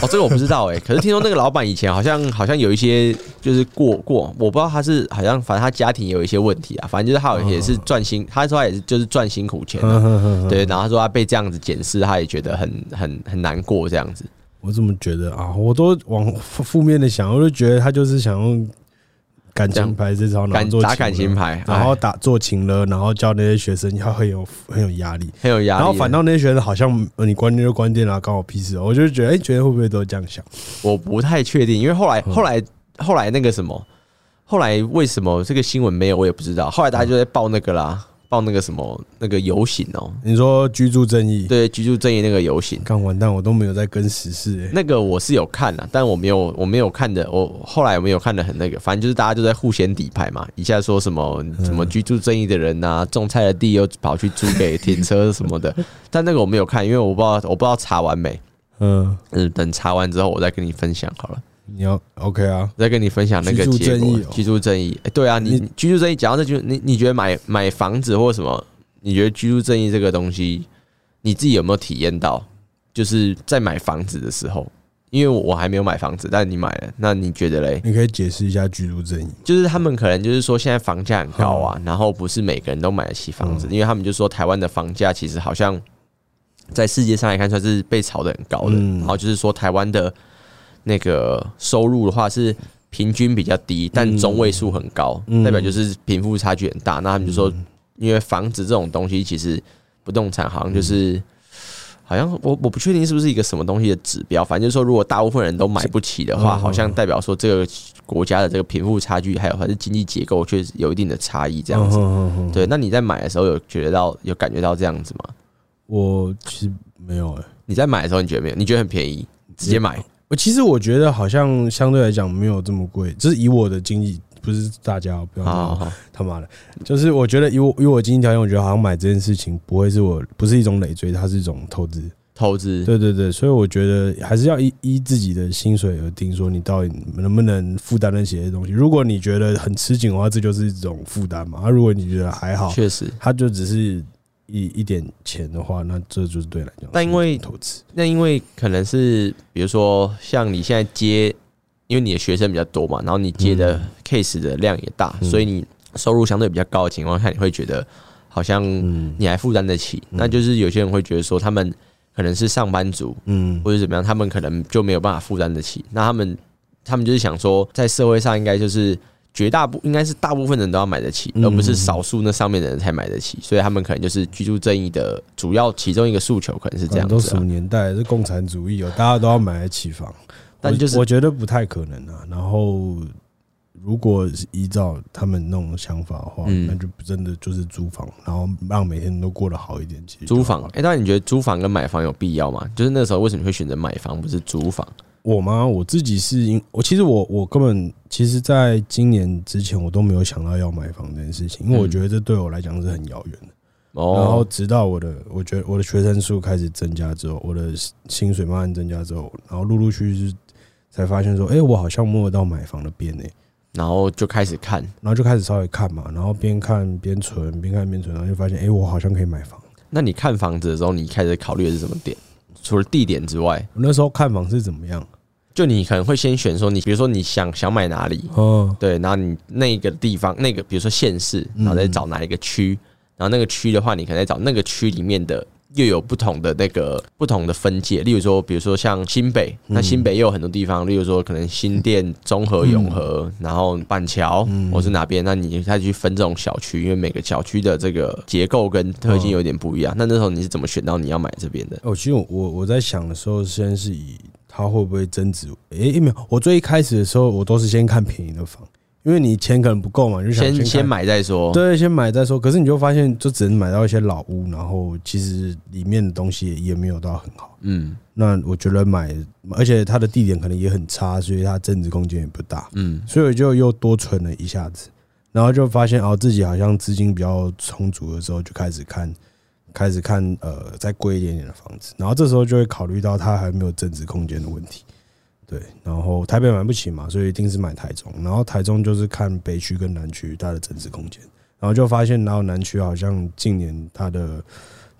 哦，這個我不知道哎、欸，可是聽說那個老闆以前好像好像有一些就是過過，我不知道他是好像反正他家庭也有一些問題啊，反正就是他有一些也是賺辛、哦，他說他也是就是賺辛苦錢啊呵呵呵呵，對，然後他說他被這樣子檢視，他也覺得很很很難過這樣子。我怎麼覺得啊？我都往負面的想，我就覺得他就是想用。感情牌，這招打感情牌，然後打做情了，哎、然後教那些學生，要很有很有壓力，很有壓力。然後反倒那些學生好像你關店就關店了，關我屁事。我就覺得，哎、欸，覺得會不會都這樣想？我不太確定，因為後來後來後來那個什麼，後來為什麼這個新聞沒有，我也不知道。後來大家就在報那個啦、啊。到那個什麼那個遊行哦、喔，你說居住正義，對，居住正義。那個遊行，剛完蛋，我都沒有在跟時事。那個我是有看的，但我沒有我沒有看的，我後來我沒有看的很那個，反正就是大家就在互相底牌嘛。一下說什麼什麼居住正義的人吶、啊，種菜的地又跑去租給停車什麼的， 但那個我沒有看，因為我不知道我不知道查完沒。嗯，嗯，等查完之後我再跟你分享好了。你要 OK 啊？再跟你分享那個結果，居住正義，哦、居住正義，對啊，你居住正義，講到這就你你覺得買買房子或什麼？你覺得居住正義這個東西，你自己有沒有體驗到？就是在買房子的時候，因為我還沒有買房子，但是你買了，那你覺得嘞？你可以解釋一下居住正義。就是他們可能就是說現在房價很高啊，嗯、然後不是每個人都買得起房子，嗯、因為他們就說台灣的房價其實好像在世界上來看算是被炒得很高的，嗯、然後就是說台灣的。那個收入的話是平均比較低，但中位數很高，嗯嗯，代表就是貧富差距很大。那他們就說，因為房子這種東西，其實不動產好像就是，嗯、好像我我不確定是不是一個什麼東西的指標。反正就是說，如果大部分人都買不起的話，好像代表說這個國家的這個貧富差距還有還是經濟結構確實有一定的差異這樣子。對，那你在買的時候有覺得到有感覺到這樣子嗎？我其實沒有誒、欸。你在買的時候你覺得沒有？你覺得很便宜，直接買？我其實我覺得好像相對來講沒有這麼貴，就是以我的經濟不是大家不要他媽的好好好，就是我覺得以我以我經濟條件，我覺得好像買這件事情不會是我，不是一種累贅，它是一種投資。投資，對對對，所以我覺得還是要依依自己的薪水而定，說你到底能不能負擔得起這些東西。如果你覺得很吃緊的話，這就是一種負擔嘛。啊，如果你覺得還好，確實，它就只是。一一點錢的話，那這就是對來講，但因為投資，那因為可能是比如說像你現在接，因為你的學生比較多嘛，然後你接的 case 的量也大，嗯，所以你收入相對比較高的情況下，你會覺得好像你還負擔得起，嗯。那就是有些人會覺得說，他們可能是上班族，嗯，或者怎麼樣，他們可能就沒有辦法負擔得起。那他們他們就是想說，在社會上應該就是。絕大部應該是大部分人都要買得起，而不是少數那上面的人才買得起，嗯，所以他們可能就是居住正義的主要其中一個訴求，可能是這樣子，啊。都什麼年代？是共產主義，有大家都要買得起房。但就是我，我覺得不太可能啊。然後如果是依照他們那種想法的話，嗯，那就不真的就是租房，然後讓每天都過得好一點。其實租房，哎，欸，那你覺得租房跟買房有必要嗎？就是那時候為什麼會選擇買房，不是租房？我嗎？我自己是因我其實我我根本其實在今年之前我都沒有想到要買房這件事情，因為我覺得這對我來講是很遙遠的、嗯。然後直到我的我覺得我的學生數開始增加之後，我的薪水慢慢增加之後，然後陸陸續續才發現說，哎、欸，我好像摸得到買房的邊誒、欸。然後就開始看，然後就開始稍微看嘛，然後邊看邊存，邊看邊存，然後就發現，哎、欸，我好像可以買房。那你看房子的時候，你一開始考慮的是什麼點？除了地點之外，我那時候看房是怎麼樣？就你可能會先選說你，比如說你想想買哪裡、哦，對，然後你那個地方那個，比如說縣市，然後再找哪一個區、嗯，然後那個區的話，你可能在找那個區裡面的又有不同的那個不同的分界，例如說，比如說像新北、嗯，那新北又有很多地方，例如說可能新店、中和、永、嗯、和，然後板橋，或、嗯、是哪邊？那你再去分這種小區，因為每個小區的這個結構跟特性有點不一樣、哦。那那時候你是怎麼選到你要買這邊的？哦，其實我我，我在想的時候，先是以。它會不會增值？哎、欸，沒有，我最一開始的時候，我都是先看便宜的房，因為你錢可能不夠嘛，就想先先，先買再說。對，先買再說。可是你就發現，就只能買到一些老屋，然後其實裡面的東西也，也沒有到很好。嗯，那我覺得買，而且它的地點可能也很差，所以它增值空間也不大。嗯，所以我就又多存了一下子，然後就發現，哦，自己好像資金比較充足的時候，就開始看。開始看呃，再貴一點點的房子，然後這時候就會考慮到它還沒有增值空間的問題，對，然後台北買不起嘛，所以一定是買台中，然後台中就是看北區跟南區它的增值空間，然後就發現，然後南區好像近年它的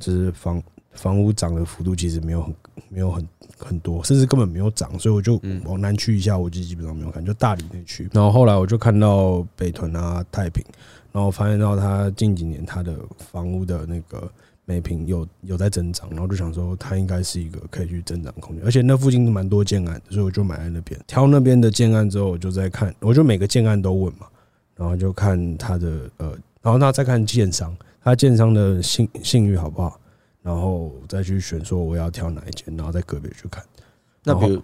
就是房房屋漲的幅度其實沒有很沒有很很多，甚至根本沒有漲，所以我就往南區一下，我就基本上沒有看，就大里那區，然後後來我就看到北屯啊、太平，然後我發現到它近幾年它的房屋的那個。每平有有在增長，然後就想說它應該是一個可以去增長空間，而且那附近蠻多建案，所以我就買在那邊。挑那邊的建案之後，我就再看，我就每個建案都問嘛，然後就看它的呃，然後他再看建商，他建商的信信譽好不好，然後再去選說我要挑哪一間，然後再個別去看。那比如，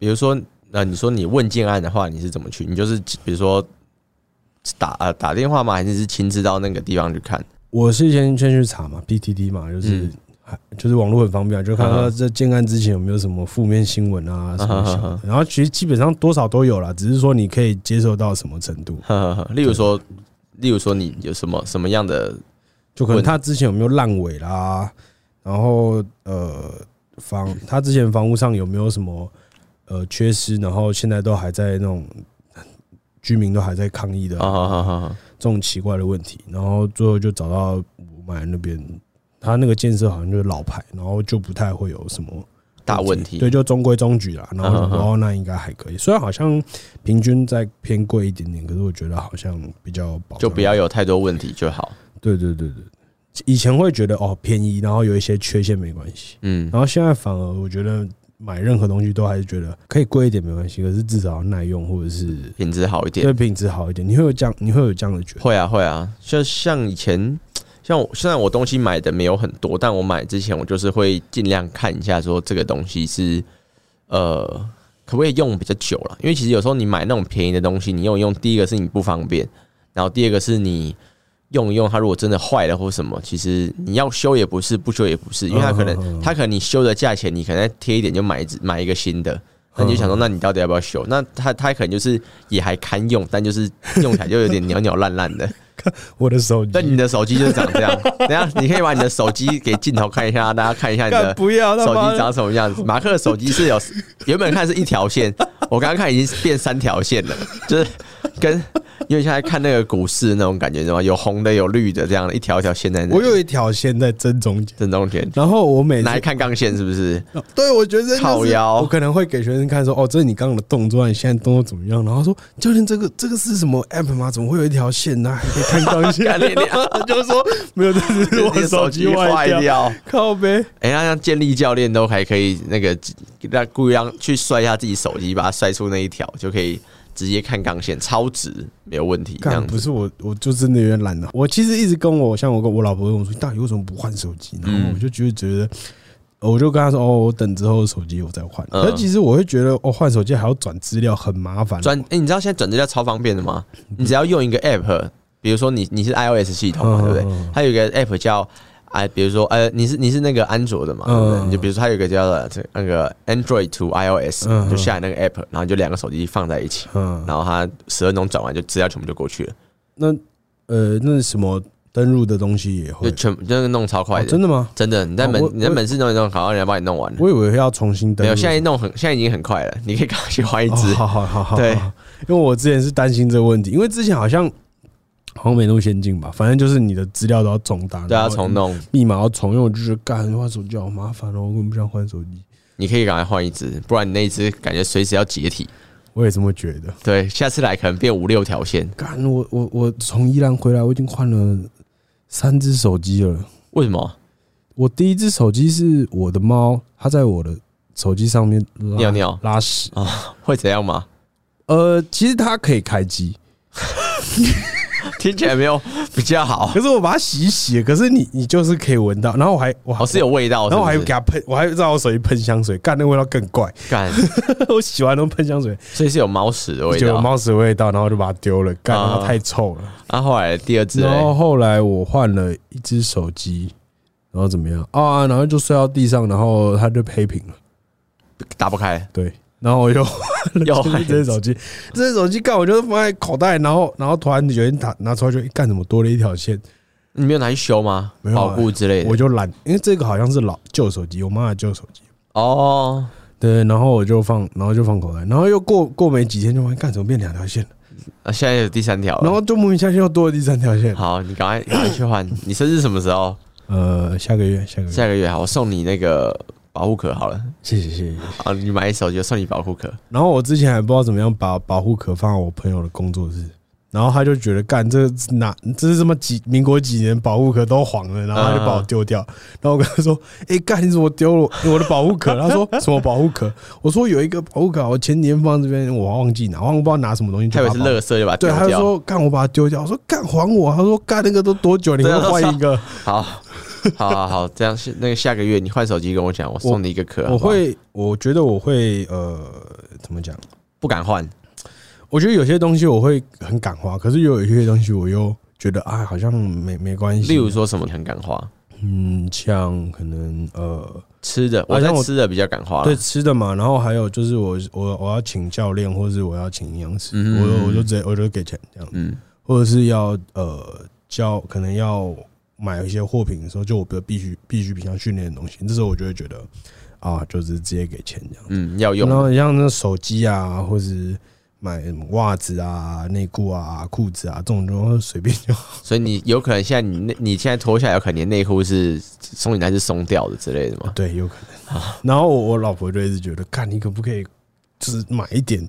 比如說那、呃、你說你問建案的話，你是怎麼去？你就是比如說打呃打電話嘛，還是親自到那個地方去看？我是先先去查嘛，PTT 嘛，就是、嗯啊、就是網絡很方便，就看到這建案之前有沒有什麼負面新聞啊，啊什麼啊啊啊。然後其實基本上多少都有啦，只是說你可以接受到什麼程度。啊啊啊、例如說，例如說你有什麼什麼樣的，就可能他之前有沒有爛尾啦，然後呃房他之前房屋上有沒有什麼呃缺失，然後現在都還在那種。居民都還在抗議的、啊、oh, oh, oh, oh, oh. 這種奇怪的問題，然後最後就找到馬來那邊，他那個建設好像就是老牌，然後就不太會有什麼大問題，對，就中規中矩啦。然後，oh, oh, oh. 然後那應該還可以。雖然好像平均再偏貴一點點，可是我覺得好像比較保，就不要有太多問題就好。對對對對，以前會覺得哦便宜，然後有一些缺陷沒關係，嗯，然後現在反而我覺得。買任何東西都還是覺得可以貴一點沒關係，可是至少耐用或者是品質好一點。對，品質好一點，你會有這樣，你會有這樣的覺得？會啊，會啊，就像以前，像我雖然我東西買的沒有很多，但我買之前我就是會盡量看一下，說這個東西是呃可不可以用比較久了。因為其實有時候你買那種便宜的東西，你用一用，第一個是你不方便，然後第二個是你。用一用，它如果真的壞了或什麼，其實你要修也不是，不修也不是，因為它可能，oh、它可能你修的價錢，你可能貼一點就買一買一個新的，那、oh、你就想說，那你到底要不要修？那它它可能就是也還堪用，但就是用起來就有點鳥鳥爛爛的。我的手機，但你的手機就是長這樣。等下，你可以把你的手機給鏡頭看一下，大家看一下你的手機長什麼樣子。馬克的手機是有原本看是一條線，我剛剛看已經變三條線了，就是跟。因為現在看那個股市那種感覺是吧？有紅的，有綠的，這樣一條一條線在那。我有一條線在正中間。正中間。然後我每次來看鋼線是不是？對，我覺得就是。我可能會給學生看說：“哦，這是你剛剛的動作、啊，你現在動作怎麼樣？”然後說：“教練，這個這個是什麼 App 嗎？怎麼會有一條線呢、啊？”你可以看鋼線。教練，就說沒有，這是我手機壞掉，掉。靠北！哎、欸，像健力教練都還可以、那個，那個故意讓去摔一下自己手機，把它摔出那一條就可以。直接看鋼線超值，沒有問題這樣。這不是我，我就真的有點懶了。我其實一直跟我像我跟我老婆跟我說，那你為什麼不換手機？呢？然後我就覺得覺得，我就跟他說哦，我等之後的手機我再換。嗯、其實我會覺得，我、哦、換手機還要轉資料，很麻煩。轉、欸、你知道現在轉資料超方便的嗎？你只要用一個 app，比如說你你是 iOS 系統嘛、啊嗯，對不對？它有一個 app 叫。哎，比如說，哎、呃，你是你是那個安卓的嘛？嗯對。你就比如說，它有個叫做這那個 Android to iOS，、嗯嗯、就下載那個 app，然後就兩個手機放在一起，嗯。然後它十分鐘轉完，就資料全部就過去了。那呃，那是什麼登入的東西也會，就全真的弄超快的、哦，真的嗎？真的，你在門、哦、你在門市弄一弄，好，人家幫你弄完了。我以為要重新登入，沒有，現在弄很，現在已經很快了。你可以趕快去換一支、哦。好好好好。對，因為我之前是擔心這個問題，因為之前好像。好像沒那麼先進吧，反正就是你的資料都要重打。對啊，重弄密碼要重用，就是幹換手機好麻煩哦、喔，我根本不想換手機。你可以趕快換一隻，不然你那一隻感覺隨時要解體。我也這麼覺得。對，下次來可能變五六條線。幹我我我從宜蘭回來，我已經換了三隻手機了。為什麼？我第一隻手機是我的貓，它在我的手機上面尿尿拉屎啊、哦，會怎樣嗎？呃，其實它可以開機。 聽起來沒有比較好，可是我把它洗一洗，可是你你就是可以聞到，然後我還我好、哦、是有味道是是，然後我還給它噴，我還在我手機噴香水，幹那味道更怪，幹， 我洗完都噴香水，所以是有貓屎的味道。就有貓屎的味道，然後就把它丟了，幹，啊、然後太臭了。然、啊、後來第二隻、欸，然後後來我換了一隻手機，然後怎麼樣啊？然後就摔到地上，然後它就黑屏了，打不開，對。然後我又又拿着手機，這些手機干，我就放在口袋。然後，然後突然有人拿拿出來，就幹怎麼多了一條線？你沒有拿去修嗎？沒有，保護之類的。我就懶，因為這個好像是老舊手機，我媽的舊手機。哦，對，然後我就放，然後就放口袋，然後又過過沒幾天，就發現幹怎麼變兩條線了？啊，現在有第三條。然後就莫名其妙又多了第三條線。好，你趕快趕快去換。你生日什麼時候？ 呃，下個月，下個月，下個月好，我送你那個。保護殼好了，謝謝謝謝。好，你買一手我送你保護殼。然後我之前還不知道怎麼樣把保護殼放我朋友的工作室，然後他就覺得幹這哪這是什麼幾民國幾年保護殼都黃了，然後他就把我丟掉嗯嗯嗯。然後我跟他說：“誒、欸，幹你怎麼丟了我的保護殼？” 他說：“什麼保護殼？”我說：“有一個保護殼，我前年放這邊，我忘記拿，我忘不知道拿什麼東西，太也是樂色就把，他就把他對。”他就說：“幹，我把它丟掉。”我說：“幹還我？”他說：“幹那個都多久？啊，你要換一個？”好。好，好好，這樣是那個下個月你換手機跟我講，我送你一個殼。我會好不好，我覺得我會，呃，怎麼講？不敢換。我覺得有些東西我會很敢花，可是又有一些東西我又覺得啊，好像沒沒關係。例如說什麼很敢花？嗯，像可能呃吃的，好像吃的比較敢花，啊。對，吃的嘛。然後還有就是我我我要請教練，或者是我要請營養師，我我就直接我就給錢這樣。嗯，或者是要呃教，可能要。買一些貨品的時候，就我必必比較必須必須平常訓練的東西，那時候我就會覺得啊，就是直接給錢這樣，嗯，要用。然後你像那手機啊，或是買襪子啊、內褲啊、褲子啊這種東西，隨便就好。所以你有可能現在你你現在脫下來，有可能內褲是鬆緊帶是鬆掉的之類的嗎？對，有可能。然後我我老婆就一直覺得，看你可不可以，就是買一點。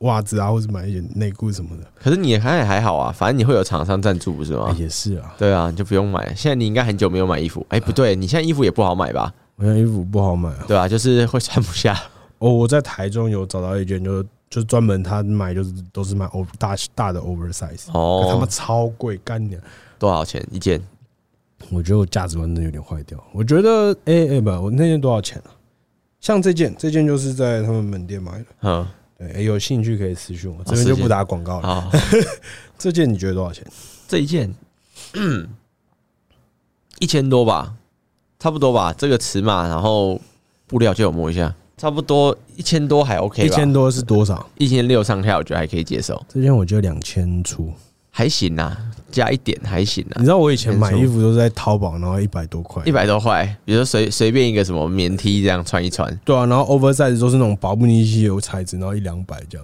襪子啊，或者買一點內褲什麼的。可是你看也還好啊，反正你會有廠商贊助，不是嗎？也是啊。對啊，你就不用買了。現在你應該很久沒有買衣服。哎、欸，不對，你現在衣服也不好買吧？我現在衣服不好買、啊。對啊，就是會穿不下。哦，我在台中有找到一件就，就就專門他買就是都是買大大、大的 oversize 哦，啊、他們超貴，幹娘多少錢一件？我覺得我價值觀真的有點壞掉。我覺得哎哎、欸欸、不，我那件多少錢、啊、像這件，這件就是在他們門店買的。嗯對、欸，有興趣可以私信我，這邊就不打廣告了。啊、 這件你覺得多少錢？這一件，嗯，一千多吧，差不多吧。這個尺碼，然後布料借我摸一下，差不多一千多還 OK 吧。一千多是多少？一千六上下，我覺得還可以接受。這件我就兩千出。還行吶、啊，加一點還行吶、啊。你知道我以前買衣服都是在淘寶，然後一百多塊，一百多塊，比如說隨隨便一個什麼棉 T 這樣穿一穿，對啊，然後 oversize 都是那種薄布尼西油材質，然後一兩百這樣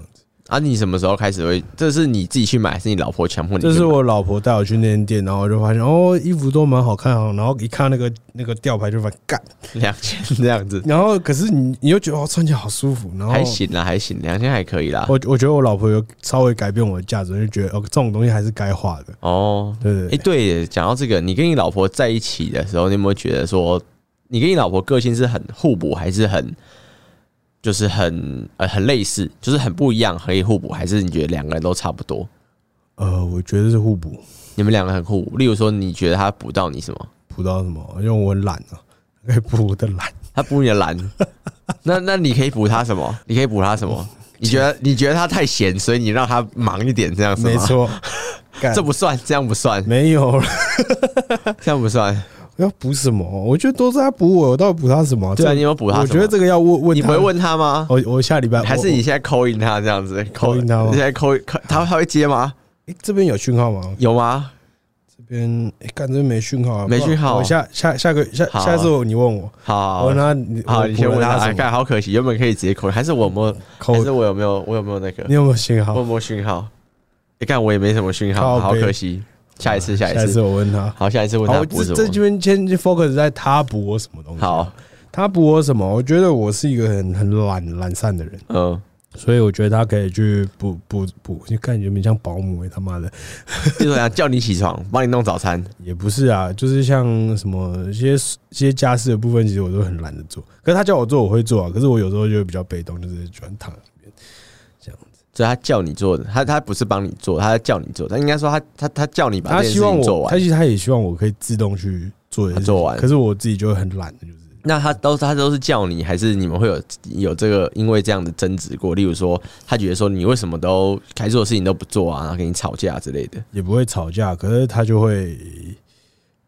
啊，你什麼時候開始會？這是你自己去買，還是你老婆強迫你？這是我老婆帶我去那間店，然後我就發現哦，衣服都蠻好看哦。然後一看那個那個吊牌，就，就發現，幹，兩千這樣子。然後，可是你你又覺得哦，穿起來好舒服。然後還行啦，還行，兩千還可以啦。我我覺得我老婆有稍微改變我的價值，就覺得哦，這種東西還是該花的。哦，對對，一對，欸，講到這個，你跟你老婆在一起的時候，你有沒有覺得說，你跟你老婆個性是很互補，還是很？就是很呃很類似，就是很不一樣，可以互補，還是你覺得兩個人都差不多？呃，我覺得是互補，你們兩個很互補。例如說，你覺得他補到你什麼？補到什麼？因為我懶啊，可以補我的懶，他補你的懶。 那那你可以補他什麼？你可以補他什麼？你覺得你覺得他太閒，所以你讓他忙一點這樣子嗎？沒錯， 這不算，這樣不算，沒有， 這樣不算。要補什麼？我覺得都是他補我，我到底補他什麼？啊？對，啊，你有補他？我覺得這個要問問你，不會問他嗎？我、哦，我下禮拜還是你現在 call in 他這樣子，call in 他？你現在 call 他，他，他會接嗎？哎、欸，這邊有訊號嗎？有嗎？這邊哎，看、欸、這邊沒訊號、啊、號，沒訊號。我下下下個下下一次你問我，好，我、哦、你，好他，你先問他。看、哎，好可惜，原本可以直接 call，還是我摸？可是我有沒有？我有沒有那個？你有沒有訊號？問我訊號？哎、欸，看我也沒什麼訊號，好可惜。下一次，下一次我問他。好，下一次我問他。我這這邊先 focus 在他補我什麼東西。好，他補我什麼？我覺得我是一個很很懶懶散的人，嗯，所以我覺得他可以去補補補，就感覺有點像保姆。他媽的，就是叫你起床， 幫你弄早餐。也不是啊，就是像什麼一些一些家事的部分，其實我都很懶得做。可是他叫我做，我會做啊。可是我有時候就會比較被動，就是喜歡躺。所以他叫你做的，他他不是幫你做，他叫你做。他應該說他他他叫你把事情做完。他他其實他也希望我可以自動去做，他做完。可是我自己就會很懶，就是，那他都他都是叫你，還是你們會有有這個因為這樣的爭執過？例如說，他覺得說你為什麼都該做的事情都不做啊，然後跟你吵架之類的，也不會吵架。可是他就會，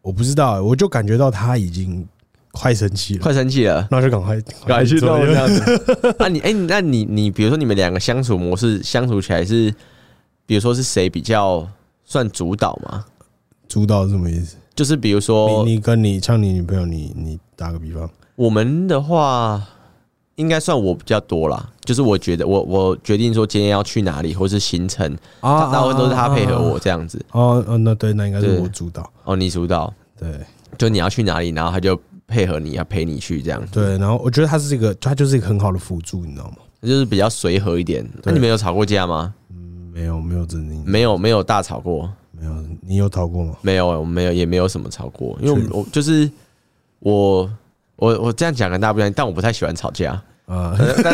我不知道，我就感覺到他已經。快生氣了，快生氣了，那就趕快趕快，快去弄這，這樣子。那、 啊、你哎、欸，那你你比如說你們兩個相處模式相處起來是，比如說是誰比較算主導嗎？主導是什麼意思？就是比如說你，你跟你像你女朋友你，你你打個比方，我們的話應該算我比較多啦。就是我覺得我我決定說今天要去哪裡，或是行程，哦、啊，啊，啊，啊，大部分都是他配合我這樣子。哦，哦，那對，那應該是我主導。哦，你主導，對，就你要去哪裡，然後他就。配合你要陪你去這樣。對，然後我覺得他是一個，他就是一個很好的輔助，你知道嗎？就是比較隨和一點。那、啊、你們有吵過架嗎、嗯？沒有，沒有真的，沒有，沒有大吵過。沒有，你有吵過嗎？沒有，我沒有，也沒有什麼吵過。因為我就是我，我我這樣講跟大家不一樣。但我不太喜歡吵架啊。嗯、但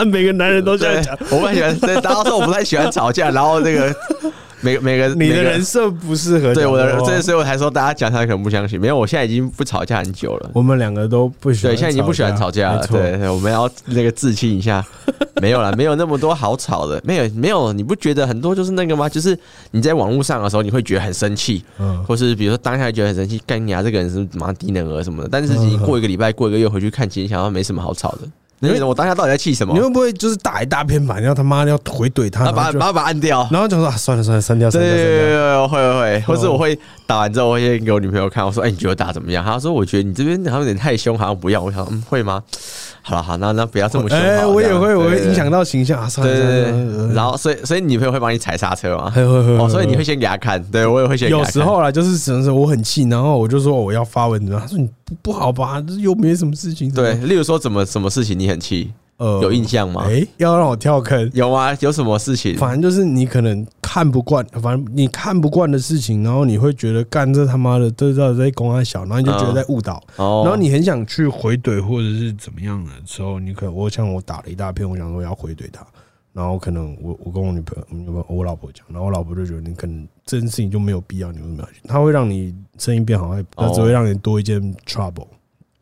對 每個男人都這樣講，我不太喜歡。大家說我不太喜歡吵架，然後那個。 每每個你的人設不適合對我的人，人所以我才說大家講他可能不相信。沒有，我現在已經不吵架很久了。我們兩個都不喜歡，對，現在已經不喜歡吵架了。對，對，我們要那個自清一下。 沒有了，沒有那麼多好吵的。沒有，沒有，你不覺得很多就是那個嗎？就是你在網絡上的時候你會覺得很生氣。嗯，或是比如說當下覺得很生氣，幹你啊這個人是蠻低能兒什麼的。但是你過一個禮拜、過一個月回去看，其實想要沒什麼好吵的。你我當下到底在氣什麼？你會不會就是打一大片板，然後他媽的要回懟他，把他把把按掉，然後就說，啊，算了算了刪掉刪掉。對對對，會會會，或是我會。打完之後，我先給我女朋友看，我說：“哎、欸，你覺得打怎麼樣？”她說：“我覺得你這邊好像有點太兇，好像不要。”我想說：“嗯，會嗎？”好了，好，那那不要這麼兇、欸。我也會，我會影響到形象。對對對，對。然後，所以，所以女朋友會幫你踩剎車嗎？會會會。哦、喔，所以你會先給她看。對我也會先。有時候啦，就是只能說我很氣，然後我就說我要發文。他她說：“你不好吧？又沒什麼事情。”對，例如說，怎麼什麼事情你很氣？呃，有印象嗎？哎、欸，要讓我跳坑？有嗎、啊？有什麼事情？反正就是你可能看不慣，反正你看不慣的事情，然後你會覺得幹這他媽的都在在公三小，然後你就覺得在誤導、啊，然後你很想去回懟或者是怎麼樣的時候，你可能我像我打了一大片，我想說我要回懟他，然後可能我我跟我女朋友、我老婆講，然後我老婆就覺得你可能這件事情就沒有必要，你為什麼要去？他會讓你生意變好，他只會讓你多一件 trouble，、哦、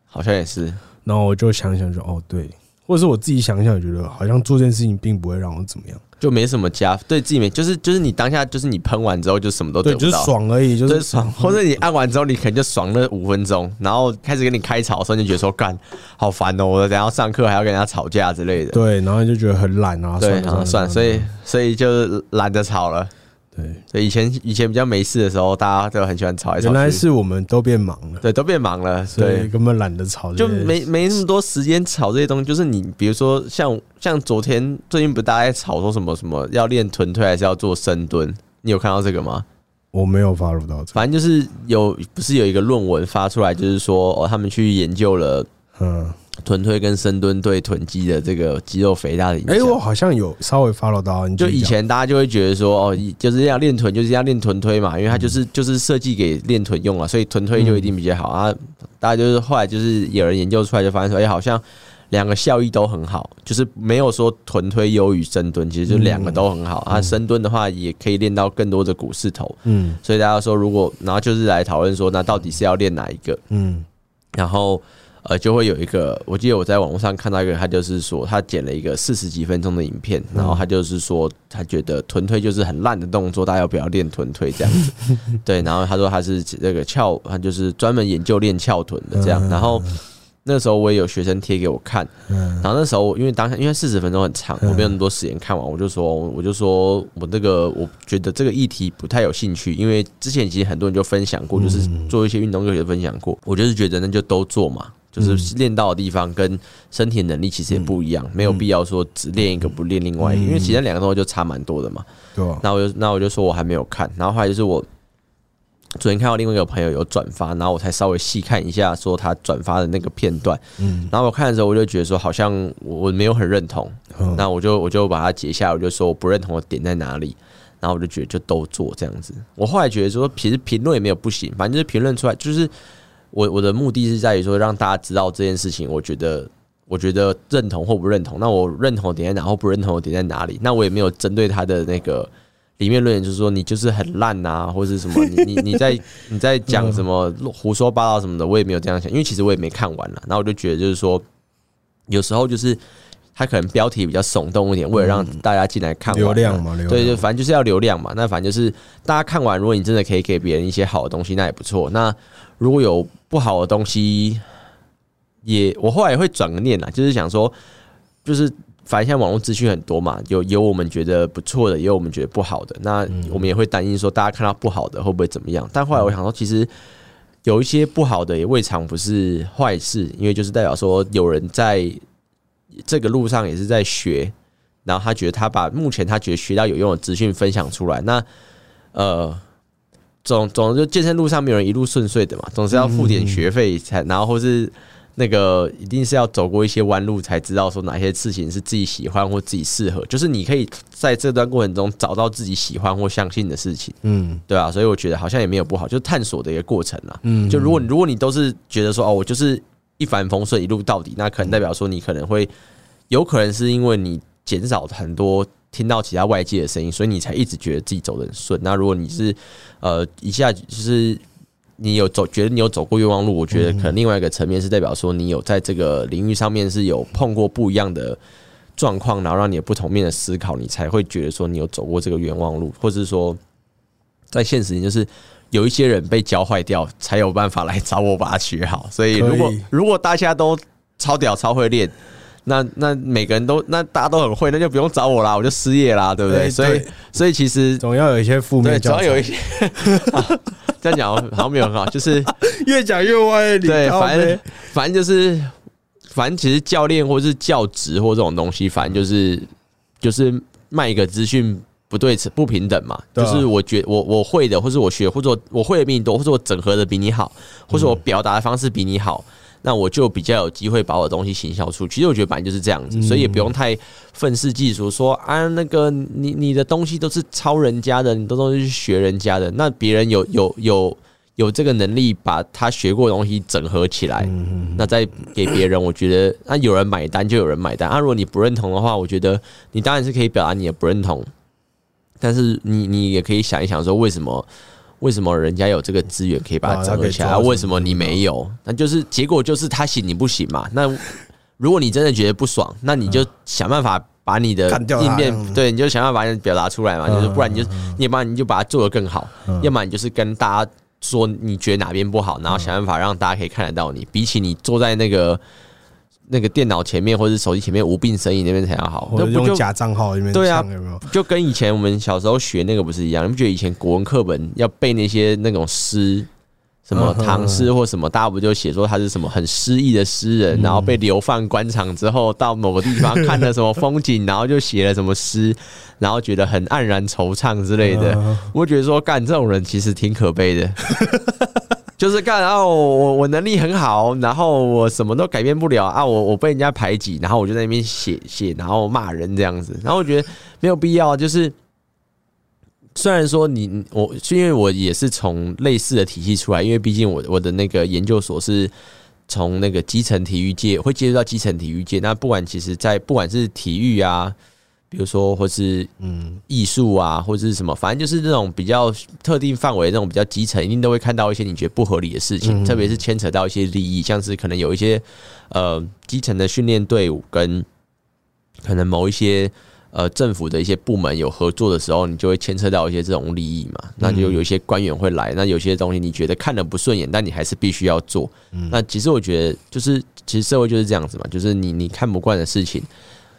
好像也是。然後我就想想說，哦，對。或者是我自己想想，想，覺得好像做這件事情並不會讓我怎麼樣，就沒什麼加，對自己沒，就是就是你當下就是你噴完之後就什麼都得不到，對，就是爽而已，就是爽。或者你按完之後，你可能就爽了五分鐘，然後開始跟你開吵的時候，你就覺得說幹好煩哦，喔！我等一下上課還要跟人家吵架之類的，對，然後你就覺得很懶啊，所以，後算，所以所以就是懶得吵了。對，所以以前以前比較沒事的時候，大家都很喜歡吵一吵。原來是我們都變忙了，對，都變忙了，對，所以根本懶得吵，就沒沒那麼多時間吵這些東西，就是你，比如說像像昨天最近不大家吵說什麼什麼要練臀推還是要做深蹲？你有看到這個嗎？我沒有 follow 到這，反正就是有，不是有一個論文發出來，就是說哦，他們去研究了，嗯。臀推跟深蹲對臀肌的這個肌肉肥大的影響，哎，我好像有稍微 follow 到。就以前大家就會覺得說，哦，就是要練臀，就是要練臀推嘛，因為它就是就是設計給練臀用了啊，所以臀推就一定比較好啊。大家就是後來就是有人研究出來，就發現說，哎，好像兩個效益都很好，就是沒有說臀推優於深蹲，其實就兩個都很好啊。深蹲的話也可以練到更多的股四頭，嗯，所以大家說如果然後就是來討論說，那到底是要練哪一個？嗯，然後。呃，就會有一個，我記得我在網絡上看到一個，他就是說他剪了一個四十幾分鐘的影片，然後他就是說他覺得臀推就是很爛的動作，大家要不要練臀推這樣子。 對，然後他說他是那個翹，他就是專門研究練翹臀的這樣。然後那個時候我也有學生貼給我看，然後那時候因為當時因為四十分鐘很長，我沒有那麼多時間看完，我就說我就說我這個我覺得這個議題不太有興趣，因為之前其實很多人就分享過，就是做一些運動就也分享過，我就是覺得那就都做嘛。就是練到的地方跟身體能力其實也不一樣，沒有必要說只練一個不練另外一個，因為其實兩個東西就差蠻多的嘛。對。那我就那我就說我還沒有看，然後後來就是我昨天看到另外一個朋友有轉發，然後我才稍微細看一下，說他轉發的那個片段。嗯。然後我看的時候，我就覺得說好像我沒有很認同，那我就我就把它截下來，我就說我不認同的點在哪裡。然後我就覺得就都做這樣子。我後來覺得說其實評論也沒有不行，反正就是評論出來就是。我我的目的是在於說讓大家知道這件事情，我覺得我覺得認同或不認同，那我認同點在哪，或不認同點在哪裡？那我也沒有針對他的那個裡面論點，就是說你就是很爛啊，或者是什麼你你你在你在講什麼胡說八道什麼的，我也沒有這樣想，因為其實我也沒看完了。然後我就覺得就是說，有時候就是他可能標題比較聳動一點，為了讓大家進來看流量嘛，對，就反正就是要流量嘛。那反正就是大家看完，如果你真的可以給別人一些好的東西，那也不錯。那如果有不好的東西也，也我後來也會轉個念啦，就是想說，就是反正現在網絡資訊很多嘛，有有我們覺得不錯的，也有我們覺得不好的，那我們也會擔心說，大家看到不好的會不會怎麼樣？但後來我想說，其實有一些不好的也未嘗不是壞事，因為就是代表說有人在這個路上也是在學，然後他覺得他把目前他覺得學到有用的資訊分享出來，那呃。總總之，健身路上沒有人一路順遂的嘛，總是要付點學費才，然後或是那個一定是要走過一些彎路才知道說哪些事情是自己喜歡或自己適合，就是你可以在這段過程中找到自己喜歡或相信的事情，嗯，對啊。所以我覺得好像也沒有不好，就探索的一個過程啦。嗯，就如果如果你都是覺得說哦，我就是一帆風順一路到底，那可能代表說你可能會有可能是因為你減少很多。聽到其他外界的聲音，所以你才一直覺得自己走得很順。那如果你是，呃，一下就是你有走，覺得你有走過冤枉路，我覺得可能另外一個層面是代表說，你有在這個領域上面是有碰過不一樣的狀況，然後讓你有不同面的思考，你才會覺得說你有走過這個冤枉路，或者說在現實裡，就是有一些人被教壞掉，才有辦法來找我把它學好。所以如果可以，如果大家都超屌、超會練。那那每個人都那大家都很會，那就不用找我啦，我就失業啦，對不對？對對對，所以所以其實總要有一些負面，對，總要有一些。這樣講 好像沒有很好， 就是越講越歪理。對，反正反正就是反正其實教練或是教職或這種東西，反正就是就是賣一個資訊不對稱、不平等嘛。對啊、就是我覺我我會的，或是我學的，或者我，我會的比你多，或者我整合的比你好，或者我表達的方式比你好。嗯那我就比較有機會把我的東西行銷出去。其實我覺得反正就是這樣子，所以也不用太憤世嫉俗，說啊那個你你的東西都是抄人家的，你的東西都是學人家的。那別人有有有有這個能力，把他學過的東西整合起來，那再給別人，我覺得那、啊、有人買單就有人買單。啊，如果你不認同的話，我覺得你當然是可以表達你的不認同，但是你你也可以想一想說為什麼。為什麼人家有這個資源可以把它做起來啊？為什麼你沒有？那就是結果就是他行你不行嘛？那如果你真的覺得不爽，那你就想辦法把你的應變，對，你就想辦法表達出來嘛。就是不然你就，要麼你就把它做得更好，要麼你就是跟大家說你覺得哪邊不好，然後想辦法讓大家可以看得到你。比起你坐在那個。那個電腦前面或者手機前面無病呻吟那邊才要好，或者用假賬號那邊搶有沒有？就跟以前我們小時候學那個不是一樣？你不覺得以前國文課本要背那些那種詩，什麼唐詩或什麼，大家不就寫說他是什麼很失意的詩人，然後被流放官場之後，到某個地方看了什麼風景，然後就寫了什麼詩，然後覺得很黯然惆悵之類的。我覺得說幹這種人其實挺可悲的。 就是幹啊！我、哦、我能力很好，然後我什麼都改變不了啊！我我被人家排擠，然後我就在那邊寫寫，然後罵人這樣子。然後我覺得沒有必要。就是雖然說你我，是因為我也是從類似的體系出來，因為畢竟我我的那個研究所是從那個基層體育界會接觸到基層體育界。那不管其實在不管是體育啊。比如說，或是嗯，藝術啊，或者是什麼，反正就是這種比較特定範圍，這種比較基層，一定都會看到一些你覺得不合理的事情，特別是牽扯到一些利益，像是可能有一些呃基層的訓練隊伍跟可能某一些呃政府的一些部門有合作的時候，你就會牽扯到一些這種利益嘛。那就有一些官員會來，那有些東西你覺得看得不順眼，但你還是必須要做。那其實我覺得，就是其實社會就是這樣子嘛，就是你你看不慣的事情。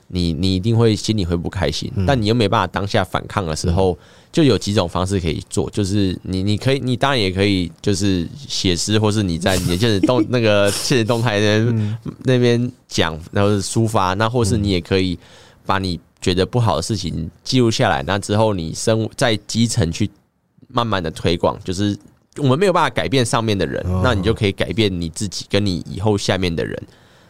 你你一定會心裡會不開心、嗯，但你又沒辦法當下反抗的時候，就有幾種方式可以做，就是你你可以，你當然也可以，就是寫詩，或是你在你的現實動 那個現實動態那、嗯、那邊講，然後抒發，那或是你也可以把你覺得不好的事情記錄下來，那之後你生在基層去慢慢的推廣，就是我們沒有辦法改變上面的人，哦、那你就可以改變你自己，跟你以後下面的人。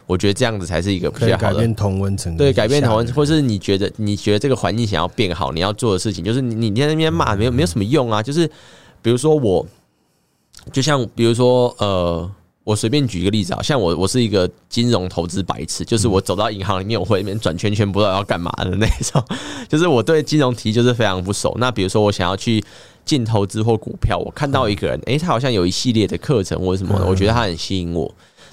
我覺得這樣子才是一個比較好的，改變同溫層。對，改變同溫層，或是你覺得你覺得這個環境想要變好，你要做的事情就是你你在那邊罵沒有沒有什麼用啊。就是比如說我，就像比如說呃，我隨便舉一個例子啊，像我我是一個金融投資白痴，就是我走到銀行裡面，我會在那邊轉圈圈不知道要幹嘛的那種。就是我對金融題就是非常不熟。那比如說我想要去進投資或股票，我看到一個人，誒、欸，他好像有一系列的課程或什麼的，我覺得他很吸引我。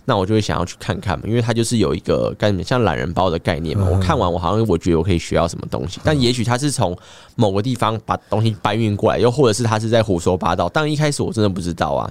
那我就會想要去看看嘛，因為他就是有一個概念，像懶人包的概念嘛。我看完，我好像我覺得我可以學到什麼東西，但也許他是從某個地方把東西搬運過來，又或者是他是在胡說八道。但一開始我真的不知道啊。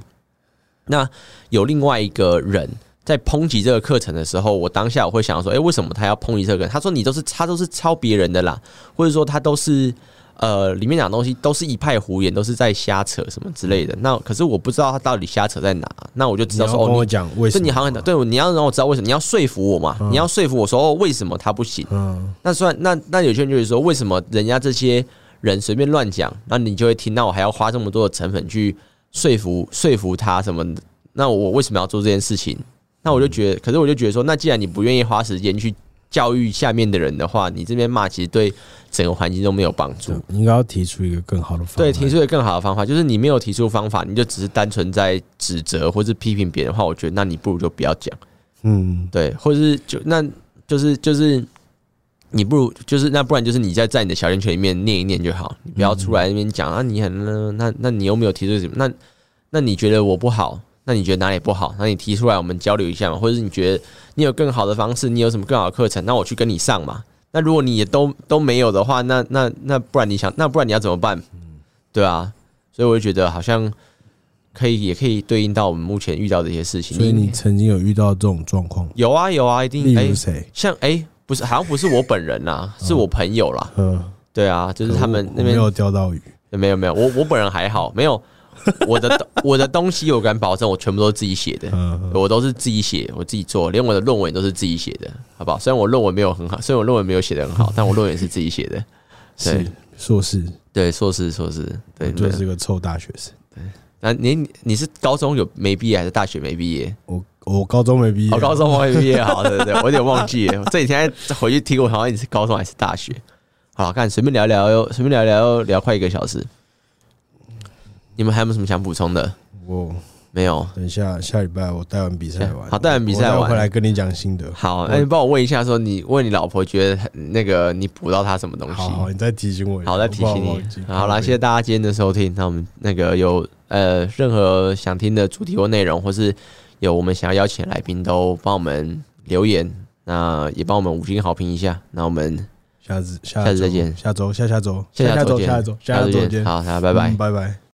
那有另外一個人在抨擊這個課程的時候，我當下我會想說，誒、欸，為什麼他要抨擊這個人？他說你都是他都是抄別人的啦，或者說他都是。呃，裡面講的東西都是一派胡言，都是在瞎扯什麼之類的。那可是我不知道他到底瞎扯在哪兒，那我就知道說哦，你講，所以你好很對，你要讓我知道為什麼，你要說服我嘛？嗯、你要說服我說哦，為什麼他不行？嗯、那算那那有些人就是說，為什麼人家這些人隨便亂講，那你就會聽到我還要花這麼多的成本去說服說服他什麼的？那我為什麼要做這件事情？那我就覺得、嗯，可是我就覺得說，那既然你不願意花時間去。教育下面的人的話，你這邊罵，其實對整個環境都沒有幫助。你應該要提出一個更好的方法。對，提出一個更好的方法，就是你沒有提出方法，你就只是單純在指責或是批評別人的話，我覺得那你不如就不要講。嗯，對，或者是就那，就是就是你不如就是那，不然就是你在在你的小圈圈裡面念一念就好，你不要出來那邊講、嗯、啊你。你很那那，那你又沒有提出什麼？那那你覺得我不好？那你覺得哪裡不好？那你提出來，我們交流一下嘛。或者是你覺得你有更好的方式，你有什麼更好的課程？那我去跟你上嘛。那如果你也都都沒有的話，那那那不然你想，那不然你要怎麼辦？嗯，對啊。所以我就覺得好像可以，也可以對應到我們目前遇到的一些事情。所以你曾經有遇到這種狀況？有啊，有啊，一定。有。誰、欸？像哎、欸，不是，好像不是我本人啦、啊，是我朋友啦。嗯，對啊，就是他們那邊沒有釣到魚。沒有沒有，我我本人還好，沒有。 我的東，我的東西，我敢保證，我全部都是自己寫的、嗯嗯，我都是自己寫，我自己做，連我的論文都是自己寫的，好不好？雖然我論文沒有很好，雖然我論文沒有寫得很好，但我論文也是自己寫的，是碩士，對碩士，碩士，對，就是個臭大學生，對。那你你是高中有沒畢業，還是大學沒畢業？我我高中沒畢業、哦，高中我也畢業好，好， 對對我有點忘記了。這幾天回去聽我好像你是高中還是大學？好，看隨便聊一聊喲，隨便聊一聊聊快一個小時。你們還有沒有什麼想補充的？我沒有。等一下下禮拜我帶完比賽玩好，帶完比賽我，我回來跟你講心得。好，嗯、那你幫我問一下說，說你問你老婆覺得那個你補到她什麼東西？好，好，你再提醒我一下。好，再提醒你。我好，好啦，謝謝大家今天的收聽。那我們那個有呃任何想聽的主題或內容，或是有我們想要邀請的來賓，都幫我們留言。那也幫我們五星好評一下。那我們下次下次再見，下周下週下周下週見下周下週見下周見，見，好，大家拜拜、嗯，拜拜。